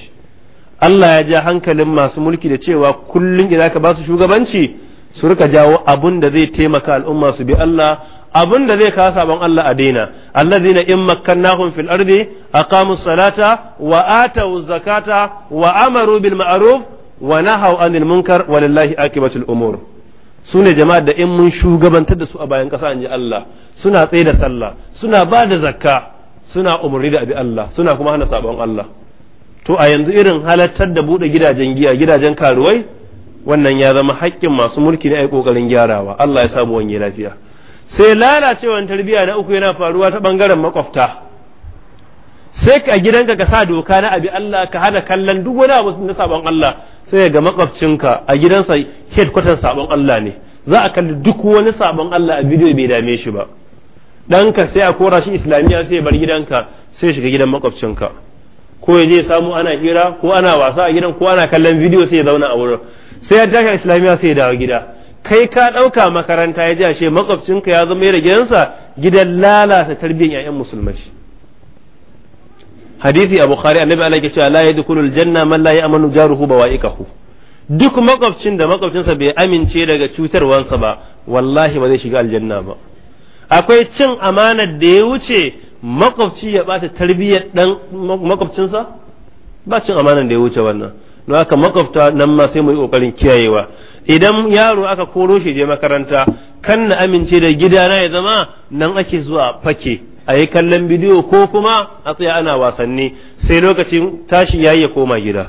[SPEAKER 1] Allah ya ja hankalin masu mulki da cewa kullum idan ka ba su shugabanci su rika jawo abun da zai taimaka al'umma su bi Allah abin da zai kawo sabon Allah a daina allazina in makkannahum fil ardi aqamu salata wa atau zakata wa amaru bil ma'ruf wa nahaw anil munkar walillahi akibatul umur Sune jama'a da in mun shugabantar da su a bayan kasa ji Allah suna tsaye da sallah suna ba da zakka suna umarni da abi Allah suna kuma hana sabon Allah to a yanzu irin halattar da bude gidajen giya gidajen karuwai wannan ya zama haƙƙin masu mulki ne a yi ƙoƙarin gyarawa Allah ya samu wani lafiya sai lalacewan tarbiyya na uku yana faruwa ta bangaren makwabta sai ka gidanka ka sa doka na abi Allah ka hana kallon duk wani abu na sabon Allah sai ga makwabcinka a gidansa headquarters sabon Allah ne za a kalli duk wani sabon Allah a bidiyo bai dame shi ba ka sai a kora shi islamiyya sai bar gidanka sai shiga gidan makwabcinka ko ya je samu ana hira ko ana wasa a gidan ko ana kallon bidiyo sai ya zauna a wurin sai ya tashi islamiyya sai ya dawo gida kai ka ɗauka makaranta ya ji ashe makwabcinka ya zama da gidansa gidan lalata tarbiyyar 'ya'yan musulmai hadisi a bukhari annabi alaihi cewa la yadkhulul janna man la ya'manu jaruhu bawa'iqahu duk makwabcin da makwabcinsa bai amince daga cutarwansa ba wallahi ba zai shiga aljanna ba akwai cin amanar da ya wuce makwabci ya bata tarbiyyar dan makwabcinsa ba cin amanar da ya wuce wannan don haka makwabta nan ma sai mu yi kokarin kiyayewa idan yaro aka koro shi je makaranta kan na amince da gidana ya zama nan ake zuwa fake a yi kallon bidiyo ko kuma a tsaya ana wasanni sai lokacin tashi yayi ya koma gida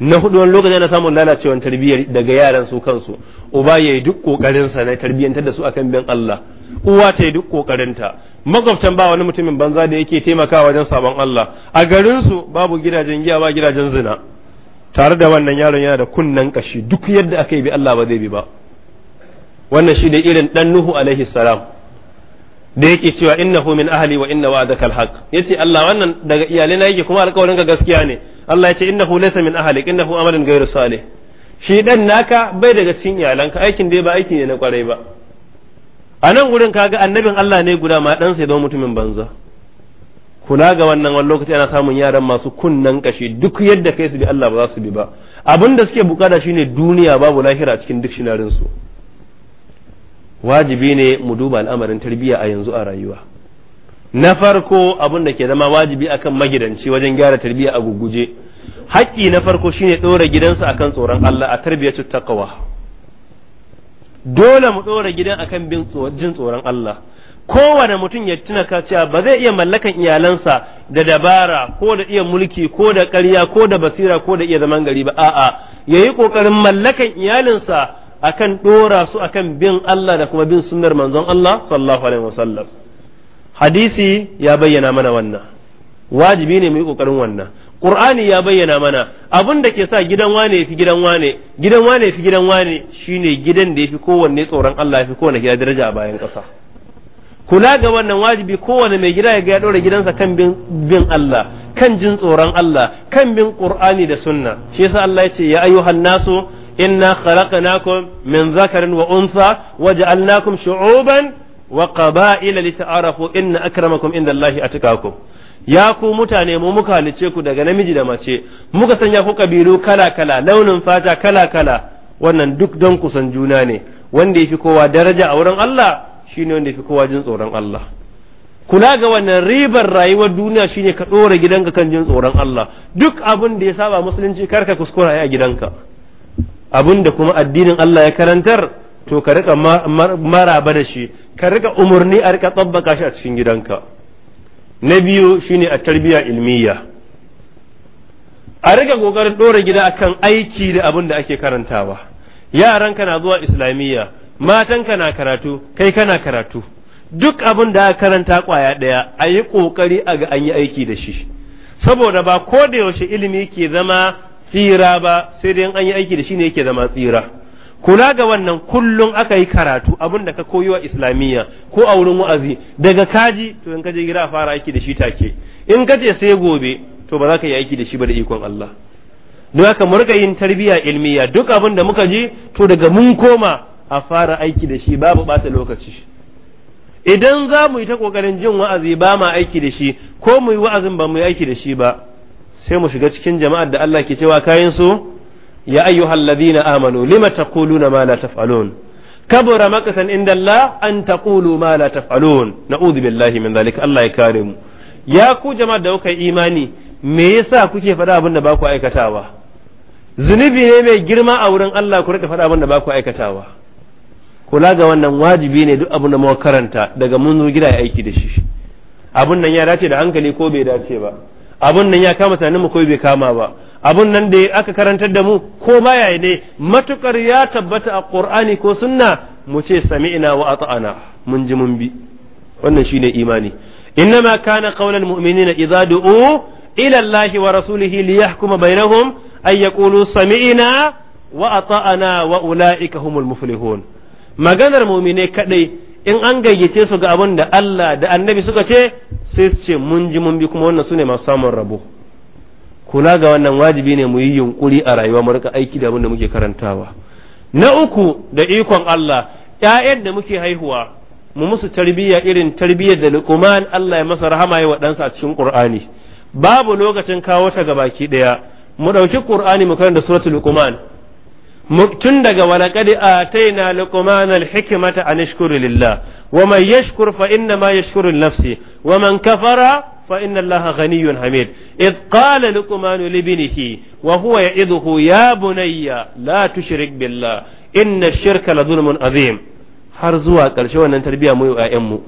[SPEAKER 1] na hudu wani lokaci ana samun lalacewar tarbiyyar daga yaran su kansu uba ya yi duk kokarinsa na tarbiyyantar da su akan bin Allah uwa ta yi duk kokarinta makwabtan ba wani mutumin banza da yake taimakawa wajen sabon Allah a garin su babu gidajen giya ba gidajen zina tare da wannan yaron yana da kunnen kashi duk yadda aka yi bi Allah ba zai bi ba wannan shi da irin dan Nuhu alaihi salam da yake cewa innahu min ahli wa inna wa'adaka alhaq yace Allah wannan daga na yake kuma alƙawarin ka gaskiya ne Allah yace innahu laysa min ahli innahu amalan ghayru salih shi dan naka bai daga cikin iyalanka aikin dai ba aiki ne na kwarai ba a nan wurin kaga annabin Allah ne guda ma dan sai don mutumin banza kula ga wannan wani lokaci ana samun yaran masu kunnan kashe duk yadda kai su bi Allah ba za su bi ba abin da suke bukata shine duniya babu lahira cikin duk shinarin su wajibi ne mu duba al'amarin tarbiyya a yanzu a rayuwa na farko abin da ke zama wajibi akan magidanci wajen gyara tarbiyya a guguje haƙƙi na farko shine ɗora gidansa akan tsoron Allah a tarbiyyar taqwa dole mu ɗora gidan akan bin jin tsoron Allah kowane mutum ya tuna ka cewa ba zai iya mallakan iyalansa da dabara ko da iya mulki ko da ƙarya ko da basira ko da iya zaman gari ba a'a yayi kokarin mallakan iyalinsa akan dora su akan bin Allah da kuma bin sunnar manzon Allah sallallahu alaihi wasallam hadisi ya bayyana mana wannan wajibi ne mu yi kokarin wannan Qur'ani ya bayyana mana abin da ke sa gidan wane ya fi gidan wane gidan wane ya fi gidan wane shine gidan da ya fi kowanne tsoron Allah ya fi kowanne gida daraja a bayan ƙasa kula ga wannan wajibi kowane mai gida ya ga ya ɗora gidansa kan bin Allah kan jin tsoron Allah kan bin Qur'ani da sunna shi yasa Allah ya ce ya ayyuhan nasu inna khalaqnakum min zakarin wa unsa waja'alnakum shu'uban wa qaba'ila lita'arafu inna akramakum indallahi atqakum ya ku mutane mu muka halice ku daga namiji da mace muka sanya ku kabilu kala kala launin fata kala kala wannan duk don kusan juna ne wanda yafi kowa daraja a wurin Allah shine wanda fi kowa jin tsoron Allah kula ga wannan ribar rayuwar duniya shine ka dora gidanka kan jin tsoron Allah duk abin da ya saba musulunci karka kuskura a gidanka abin da kuma addinin Allah ya karantar to ka rika maraba da shi ka rika umurni a rika tsabbaka shi a cikin gidanka na biyu shine a tarbiyya ilmiya a rika kokarin dora gida akan aiki da abin da ake karantawa yaranka na zuwa islamiyya matanka na karatu kai kana karatu duk abin da aka karanta kwaya daya a yi kokari a ga an yi aiki da shi saboda ba ko da yaushe ilimi ke zama tsira ba sai dai an yi aiki da shi ne yake zama tsira kula ga wannan kullum aka yi karatu abin da ka koyi wa islamiyya ko a wurin wa'azi daga kaji to in kaje gida a fara aiki da shi take in kaje sai gobe to ba za ka yi aiki da shi ba da ikon Allah don haka mu rika yin tarbiyya ilmiya duk abin da muka ji to daga mun koma a fara aiki da shi babu ɓata lokaci idan za mu yi ta ƙoƙarin jin wa'azi ba ma aiki da shi ko mu yi wa'azin ba mu yi aiki da shi ba sai mu shiga cikin jama'ar da Allah ke cewa kayan su ya ayyuhal halladina amanu lima taquluna ma la taf'alun kabura maqatan inda Allah an taqulu ma la taf'alun na'udhu billahi min zalika Allah ya kare mu ya ku jama'ar da kuka imani me yasa kuke faɗa abin da ba ku aikatawa zunubi ne mai girma a wurin Allah ku rika faɗa abin da ba ku aikatawa kula ga wannan wajibi ne duk abin da muka karanta daga mun zo gida ya aiki da shi abun nan ya dace da hankali ko bai dace ba abun nan ya kama tunanin mu ko bai kama ba abun nan da aka karantar da mu ko ma yayi dai matukar ya tabbata a qur'ani ko sunna mu ce sami'na wa ata'na mun ji mun bi wannan shine imani innama kana qaulal mu'minina idza du'u ila allahi wa rasulihi liyahkuma bainahum ay yaqulu sami'na wa ata'ana wa ulaika humul muflihun maganar mumine kaɗai in an gayyace su ga abin da Allah da annabi suka ce sai su ce mun ji mun bi kuma wannan su ne masu samun rabo kula ga wannan wajibi ne mu yi yunkuri a rayuwa mu rika aiki da abin da muke karantawa na uku da ikon Allah ƴaƴan da muke haihuwa mu musu tarbiyya irin tarbiyyar da Luqman Allah ya masa rahama ya wa ɗansa a cikin Qur'ani babu lokacin kawo ta ga baki ɗaya mu ɗauki Qur'ani mu karanta suratul Luqman tun daga walaqad ataina luqmana alhikmata an yashkuru lillah wa man yashkur fa inna ma yashkuru nafsi wa man kafara fa inna allaha ghaniyyun hamid id qala luqmanu libnihi wa huwa ya'idhu ya bunayya la tushrik billah inna ash-shirka la zulmun azim har zuwa karshe wannan tarbiya mu ya'yan mu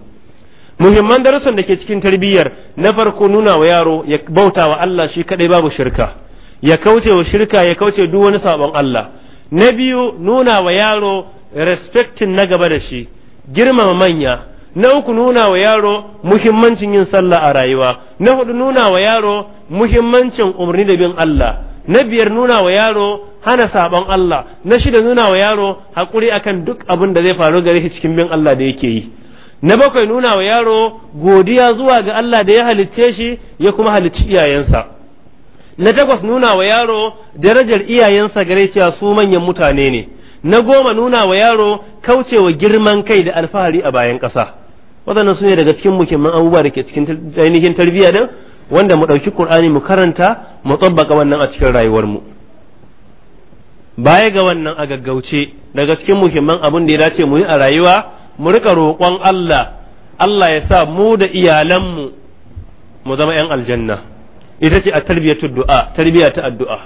[SPEAKER 1] muhimman darussan da ke cikin tarbiyyar na farko nuna wa yaro ya bauta wa Allah shi kadai babu shirka ya kauce wa shirka ya kauce duk wani sabon Allah na biyu nuna wa yaro respectin na gaba da shi girmama manya na uku nuna wa yaro muhimmancin yin sallah a rayuwa na hudu nuna wa yaro muhimmancin umarni da bin Allah na biyar nuna wa yaro hana sabon Allah na shida nuna wa yaro hakuri akan duk abin da zai faru gare shi cikin bin Allah da yake yi na bakwai nuna wa yaro godiya zuwa ga Allah da ya halicce shi ya kuma halicci iyayensa na takwas nuna wa yaro darajar iyayensa gare cewa su manyan mutane ne na goma nuna wa yaro kaucewa girman kai da alfahari a bayan ƙasa waɗannan su ne daga cikin muhimman abubuwa da ke cikin ainihin tarbiyya din wanda mu ɗauki ƙur'ani mu karanta mu tsabbaka wannan a cikin rayuwarmu baya ga wannan a gaggauce daga cikin muhimman abin da ya dace mu yi a rayuwa mu rika roƙon Allah Allah ya sa mu da iyalanmu mu zama 'yan aljanna ita ce a tarbiyatu du'a ta addu'a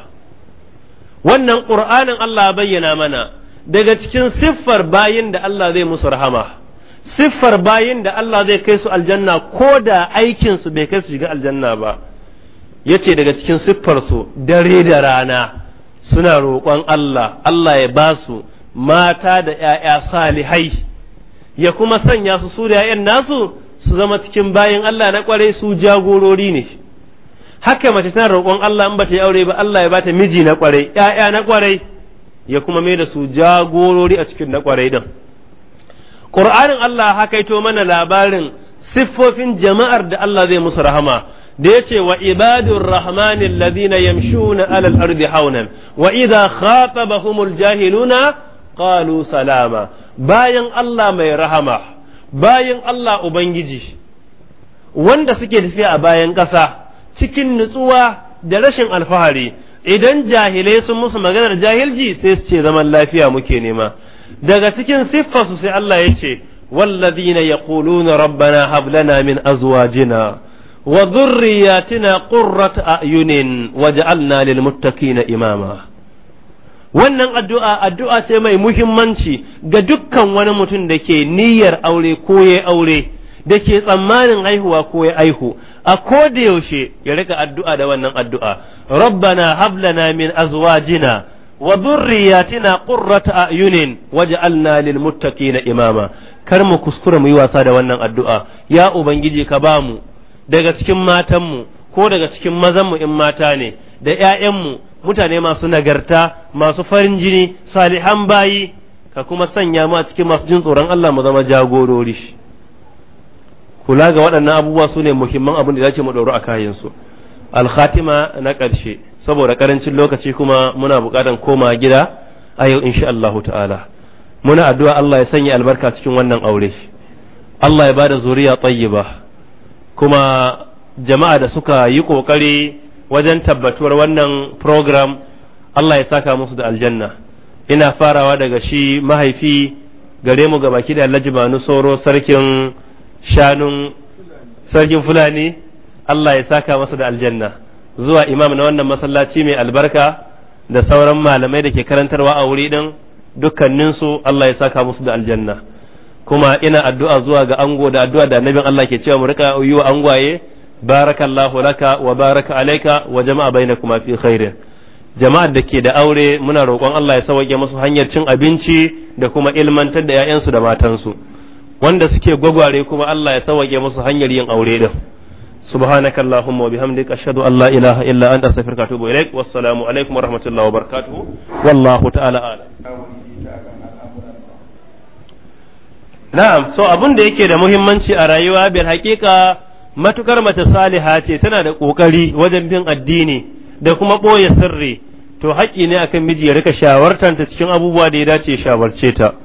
[SPEAKER 1] wannan qur'anin Allah bayyana mana daga cikin siffar bayin da Allah zai musu rahama siffar bayin da Allah zai kai su aljanna ko da aikin su bai kai su shiga aljanna ba yace daga cikin siffar su dare da rana suna roƙon Allah Allah ya basu mata da ‘ya'ya salihai ya kuma sanya su su da ‘ya'yan nasu su zama cikin bayin Allah na ƙwarai su jagorori ne haka mace tana roƙon Allah in ba ta yi aure ba Allah ya bata miji na kwarai yaya na kwarai ya kuma mai da su jagorori a cikin na kwarai din Qur'anin Allah hakaito mana labarin siffofin jama'ar da Allah zai musu rahama da yace wa ibadun rahmanin ladina yamshuna alal ardi haunan wa idza khatabahumul jahiluna qalu salama bayan Allah mai rahama bayan Allah ubangiji wanda suke tafiya a bayan ƙasa cikin nutsuwa da rashin alfahari idan jahilai sun musu maganar jahilji sai su ce zaman lafiya muke nema daga cikin siffarsu sai Allah ya ce والذين يقولون ربنا هب لنا من أزواجنا وذرياتنا قرة أعين وجعلنا للمتقين imama wannan addu'a addu'a ce mai muhimmanci ga dukkan wani mutum da ke niyyar aure ko ya aure da ke tsammanin haihuwa ko ya aihu a da yaushe ya rika addu'a da wannan addu'a rabbana hablana min azwajina wa dhurriyyatina qurrata a'yunin waj'alna lil muttaqina imama kar mu kuskura mu yi wasa da wannan addu'a ya ubangiji ka ba mu daga cikin matanmu ko daga cikin mazanmu in mata ne da ƴaƴanmu mutane masu nagarta masu farin jini salihan bayi ka kuma sanya mu a cikin masu jin tsoron Allah mu zama jagorori kula ga waɗannan abubuwa su ne muhimman abin da zai mu ɗauro a kayansu alkhatima na ƙarshe saboda ƙarancin lokaci kuma muna buƙatar koma gida a yau insha Allahu ta'ala muna addu'a Allah ya sanya albarka cikin wannan aure Allah ya bada zuriya tayyiba kuma jama'a da suka yi kokari wajen tabbatuwar wannan program Allah ya saka musu da aljanna ina farawa daga shi mahaifi gare mu gabaki da Alhaji Banu Soro sarkin shanun sarkin fulani Allah ya saka masa da aljanna zuwa imam na wannan masallaci mai albarka da sauran malamai da ke karantarwa a wuri din dukkaninsu Allah ya saka musu da aljanna kuma ina addu'a zuwa ga ango da addu'a da annabin Allah ke cewa mu rika yi wa angwaye barakallahu laka wa baraka alayka wa jama'a bainakuma fi khairin jama'ar da ke da aure muna roƙon Allah ya sauke musu hanyar cin abinci da kuma ilmantar da 'ya'yansu da matansu wanda suke gwagware kuma Allah ya sawage musu hanyar yin aure din subhanaka allahumma wa bihamdika ashhadu an la ilaha illa anta astaghfiruka wa atubu ilaik wassalamu alaikum wa rahmatullahi wa barakatuh wallahu ta'ala na'am so abun da yake da muhimmanci a rayuwa bil haqiqa matukar mace saliha ce tana da kokari wajen bin addini da kuma boye sirri to haƙƙi ne akan miji ya rika shawartanta cikin abubuwa da ya dace shawarce ta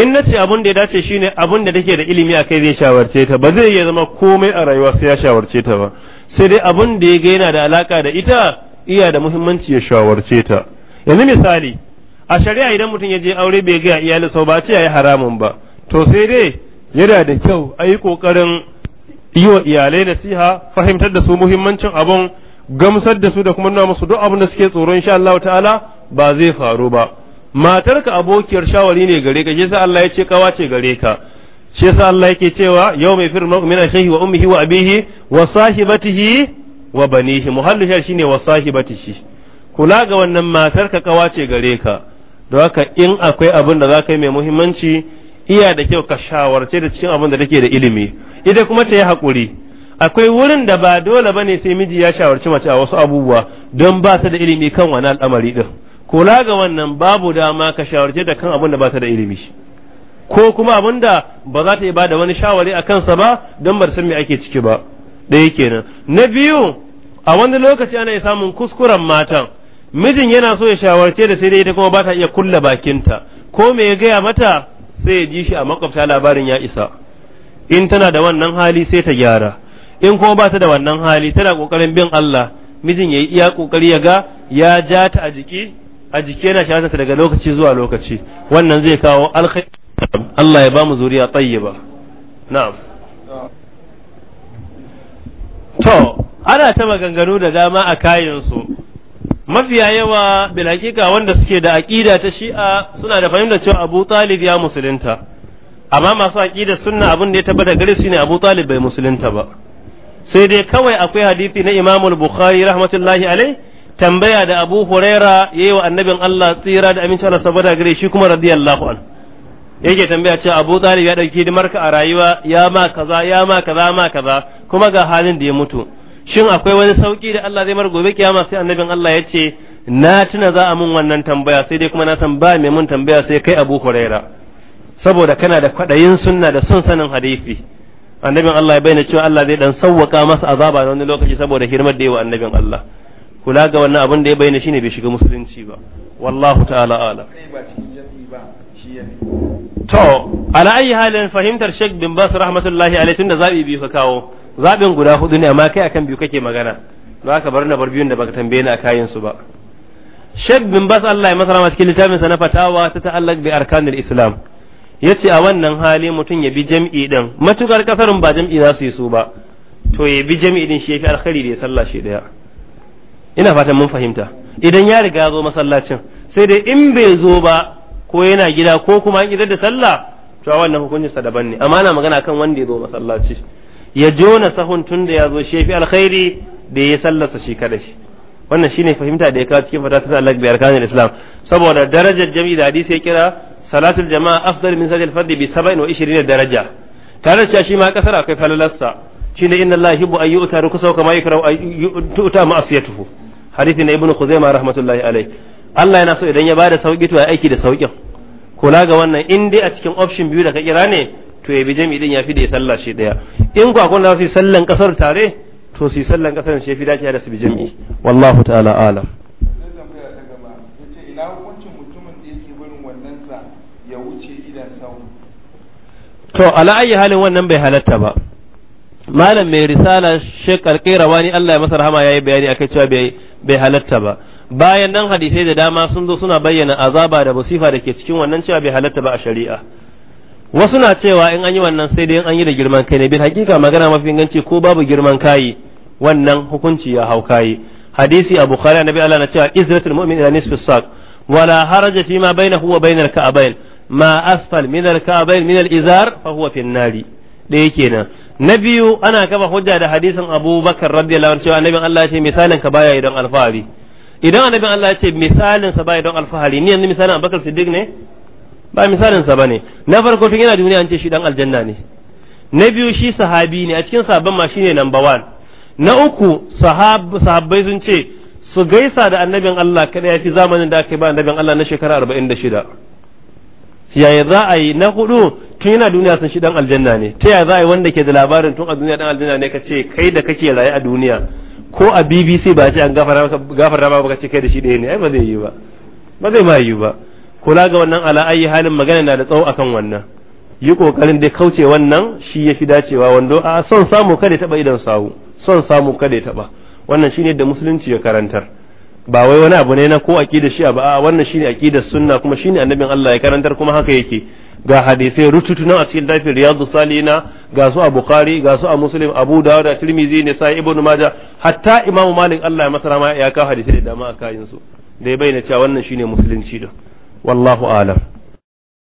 [SPEAKER 1] in na ce abun da ya dace shine abun da take da ilimi a kai zai shawarce ta ba zai iya zama komai a rayuwa sai ya shawarce ta ba sai dai abun da ya ga yana da alaka da ita iya da muhimmanci ya shawarce ta yanzu misali a shari'a idan mutum ya je aure bai ga iyali sau ba ce yayi haramun ba to sai dai yana da kyau a yi kokarin yi wa iyalai nasiha fahimtar da su muhimmancin abun gamsar da su da kuma nuna musu duk abun da suke tsoro insha Allah ta'ala ba zai faru ba matarka abokiyar shawari ne gare ka shi yasa Allah ya ce kawa ce gare ka shi yasa Allah yake cewa yau mai firma min shahi wa ummihi wa abihi wa sahibatihi wa banihi muhallu shi ne wa sahibatihi kula ga wannan matarka kawa ce gare ka don haka in akwai abin da za yi mai muhimmanci iya da kyau ka shawarce da cikin abin da take da ilimi ita kuma ta yi hakuri akwai wurin da ba dole ba ne sai miji ya shawarci mace a wasu abubuwa don ba ta da ilimi kan wani al'amari din kula ga wannan babu dama ka shawarce da kan abin da ba ta da ilimi ko kuma abin da ba za ta yi ba da wani shawari a kansa ba don ba san me ake ciki ba ɗaya kenan na biyu a wani lokaci ana samun kuskuren matan mijin yana so ya shawarce da sai dai ita kuma ba ta iya kulla bakinta ko me ya gaya mata sai ya ji shi a makwabta labarin ya isa in tana da wannan hali sai ta gyara in kuma ba ta da wannan hali tana kokarin bin Allah mijin ya yi iya kokari ya ga ya ja ta a jiki a jiki yana shahararsa daga lokaci zuwa lokaci wannan zai kawo alkhai Allah ya ba mu zuriya tayyiba na'am to ana ta maganganu da dama a kayan su mafiya yawa bil hakika wanda suke da aqida ta shi'a suna da fahimtar cewa Abu Talib ya musulunta amma masu aqida sunna abin da ya tabbata gare su ne Abu Talib bai musulunta ba sai dai kawai akwai hadisi na Imam Bukhari rahmatullahi alaihi tambaya da Abu Huraira yayi wa annabin Allah tsira da amincin Allah saboda gare shi kuma radiyallahu an yake tambaya cewa Abu Talib ya dauki ka a rayuwa ya ma kaza ya ma kaza ma kaza kuma ga halin da ya mutu shin akwai wani sauki da Allah zai mar gobe kiyama sai annabin Allah ya ce na tuna za a mun wannan tambaya sai dai kuma na san ba mai mun tambaya sai kai Abu Huraira saboda kana da kwadayin sunna da son sanin hadisi annabin Allah ya bayyana cewa Allah zai dan sawwaka masa azaba wani lokaci saboda hirmar da yawa annabin Allah kula ga wannan abin da ya bayyana shine bai shiga musulunci ba wallahu ta'ala ala to ala ayi halin fahimtar Sheikh bin Bas rahmatullahi alaihi tunda zabi biyu ka kawo zabin guda hudu ne amma kai akan biyu kake magana don haka bar na bar biyun da baka tambaye ni a kayan su ba Sheikh bin Bas Allah ya masara cikin littafin sa na fatawa ta ta'allaq bi arkanul Islam yace a wannan hali mutum ya bi jam'i din matukar kasarun ba jam'i za su yi su ba to ya bi jam'i din shi fi alkhairi da ya sallah shi daya ina fatan mun fahimta idan ya riga zo masallacin sai dai in bai zo ba ko yana gida ko kuma an idar da sallah to a wannan hukuncin sa daban ne amma na magana kan wanda ya zo masallaci ya jona sahun tun da ya zo shi fi alkhairi da ya sallarsa shi kada shi wannan shine fahimta da ya kawo cikin fata ta Allah bi arkanin islam saboda darajar jami'i da hadisi ya kira salatul jama'a afdal min salatil fardi bi 27 daraja tare da shi ma kasar akwai falalarsa shine inna allahi yuhibbu an yu'ta rukusahu kama yakrahu an ma'asiyatuhu hadisi na ibnu khuzaimah rahmatullahi alai Allah yana so idan ya bada sauki to ya aiki da saukin kula ga wannan in dai a cikin option biyu da ka kira ne to ya bi jami'i din ya fi da ya sallah shi daya in ku akwai za su yi sallan kasar tare to su yi sallan kasar shi fi dace da su bi jami'i wallahu ta'ala alam to ala ayyi halin wannan bai halatta ba malam mai risala Sheikh Alƙairawani Allah ya masa rahama yayi bayani akai cewa bai halatta ba bayan nan hadisai da dama sun zo suna bayyana azaba da busifa da ke cikin wannan cewa bai halatta ba a shari'a wasu na cewa in an yi wannan sai dai in an yi da girman kai ne bil hakika magana mafi inganci ko babu girman kai wannan hukunci ya hau kai hadisi a bukhari annabi Allah na cewa izratul mu'min ila nisfi saq wala haraja fi ma bainahu wa bainal ka'bayn ma asfal min al ka'bayn min al izar fa huwa fi nari ɗaya kenan na biyu ana kafa hujja da hadisin abubakar radiyallahu anhu cewa annabin Allah ya ce misalin ka baya idan alfahari idan annabin Allah ya ce misalin sa baya idan alfahari ni yanzu misalin abubakar siddiq ne ba misalin sa bane na farko tun yana duniya an ce shi dan aljanna ne na biyu shi sahabi ne a cikin sahabban ma shine number one na uku sahabbai sun ce su gaisa da annabin Allah kada ya fi zamanin da aka yi ba annabin Allah na shekara arba'in da shida yaya za a yi na hudu tun yana duniya sun shi dan aljanna ne ta yaya za a yi wanda ke da labarin tun a duniya dan aljanna ne ka ce kai da kake raye a duniya ko a BBC ba ce an gafara ba ka ce kai da shi ɗaya ne ai ba zai yi ba ba zai ma yi ba kula ga wannan ala ayi halin magana na da tsawo akan wannan yi kokarin dai kauce wannan shi ya fi dacewa wando a son samu kada ya taba idan sawu son samu kada ya taba wannan shine da musulunci ya karantar ba wai wani abu ne na ko aqida shi ba a wannan shine aqidar sunna kuma shine annabin Allah ya karantar kuma haka yake ga hadisai rututu na a cikin riyadu salina ga su a bukhari ga su a muslim abu dawud da tirmizi ne sai ibnu majah hatta imamu malik Allah ya masa ma ya kawo hadisai da dama a kayin su dai bayyana cewa wannan shine musulunci da wallahu
[SPEAKER 2] alam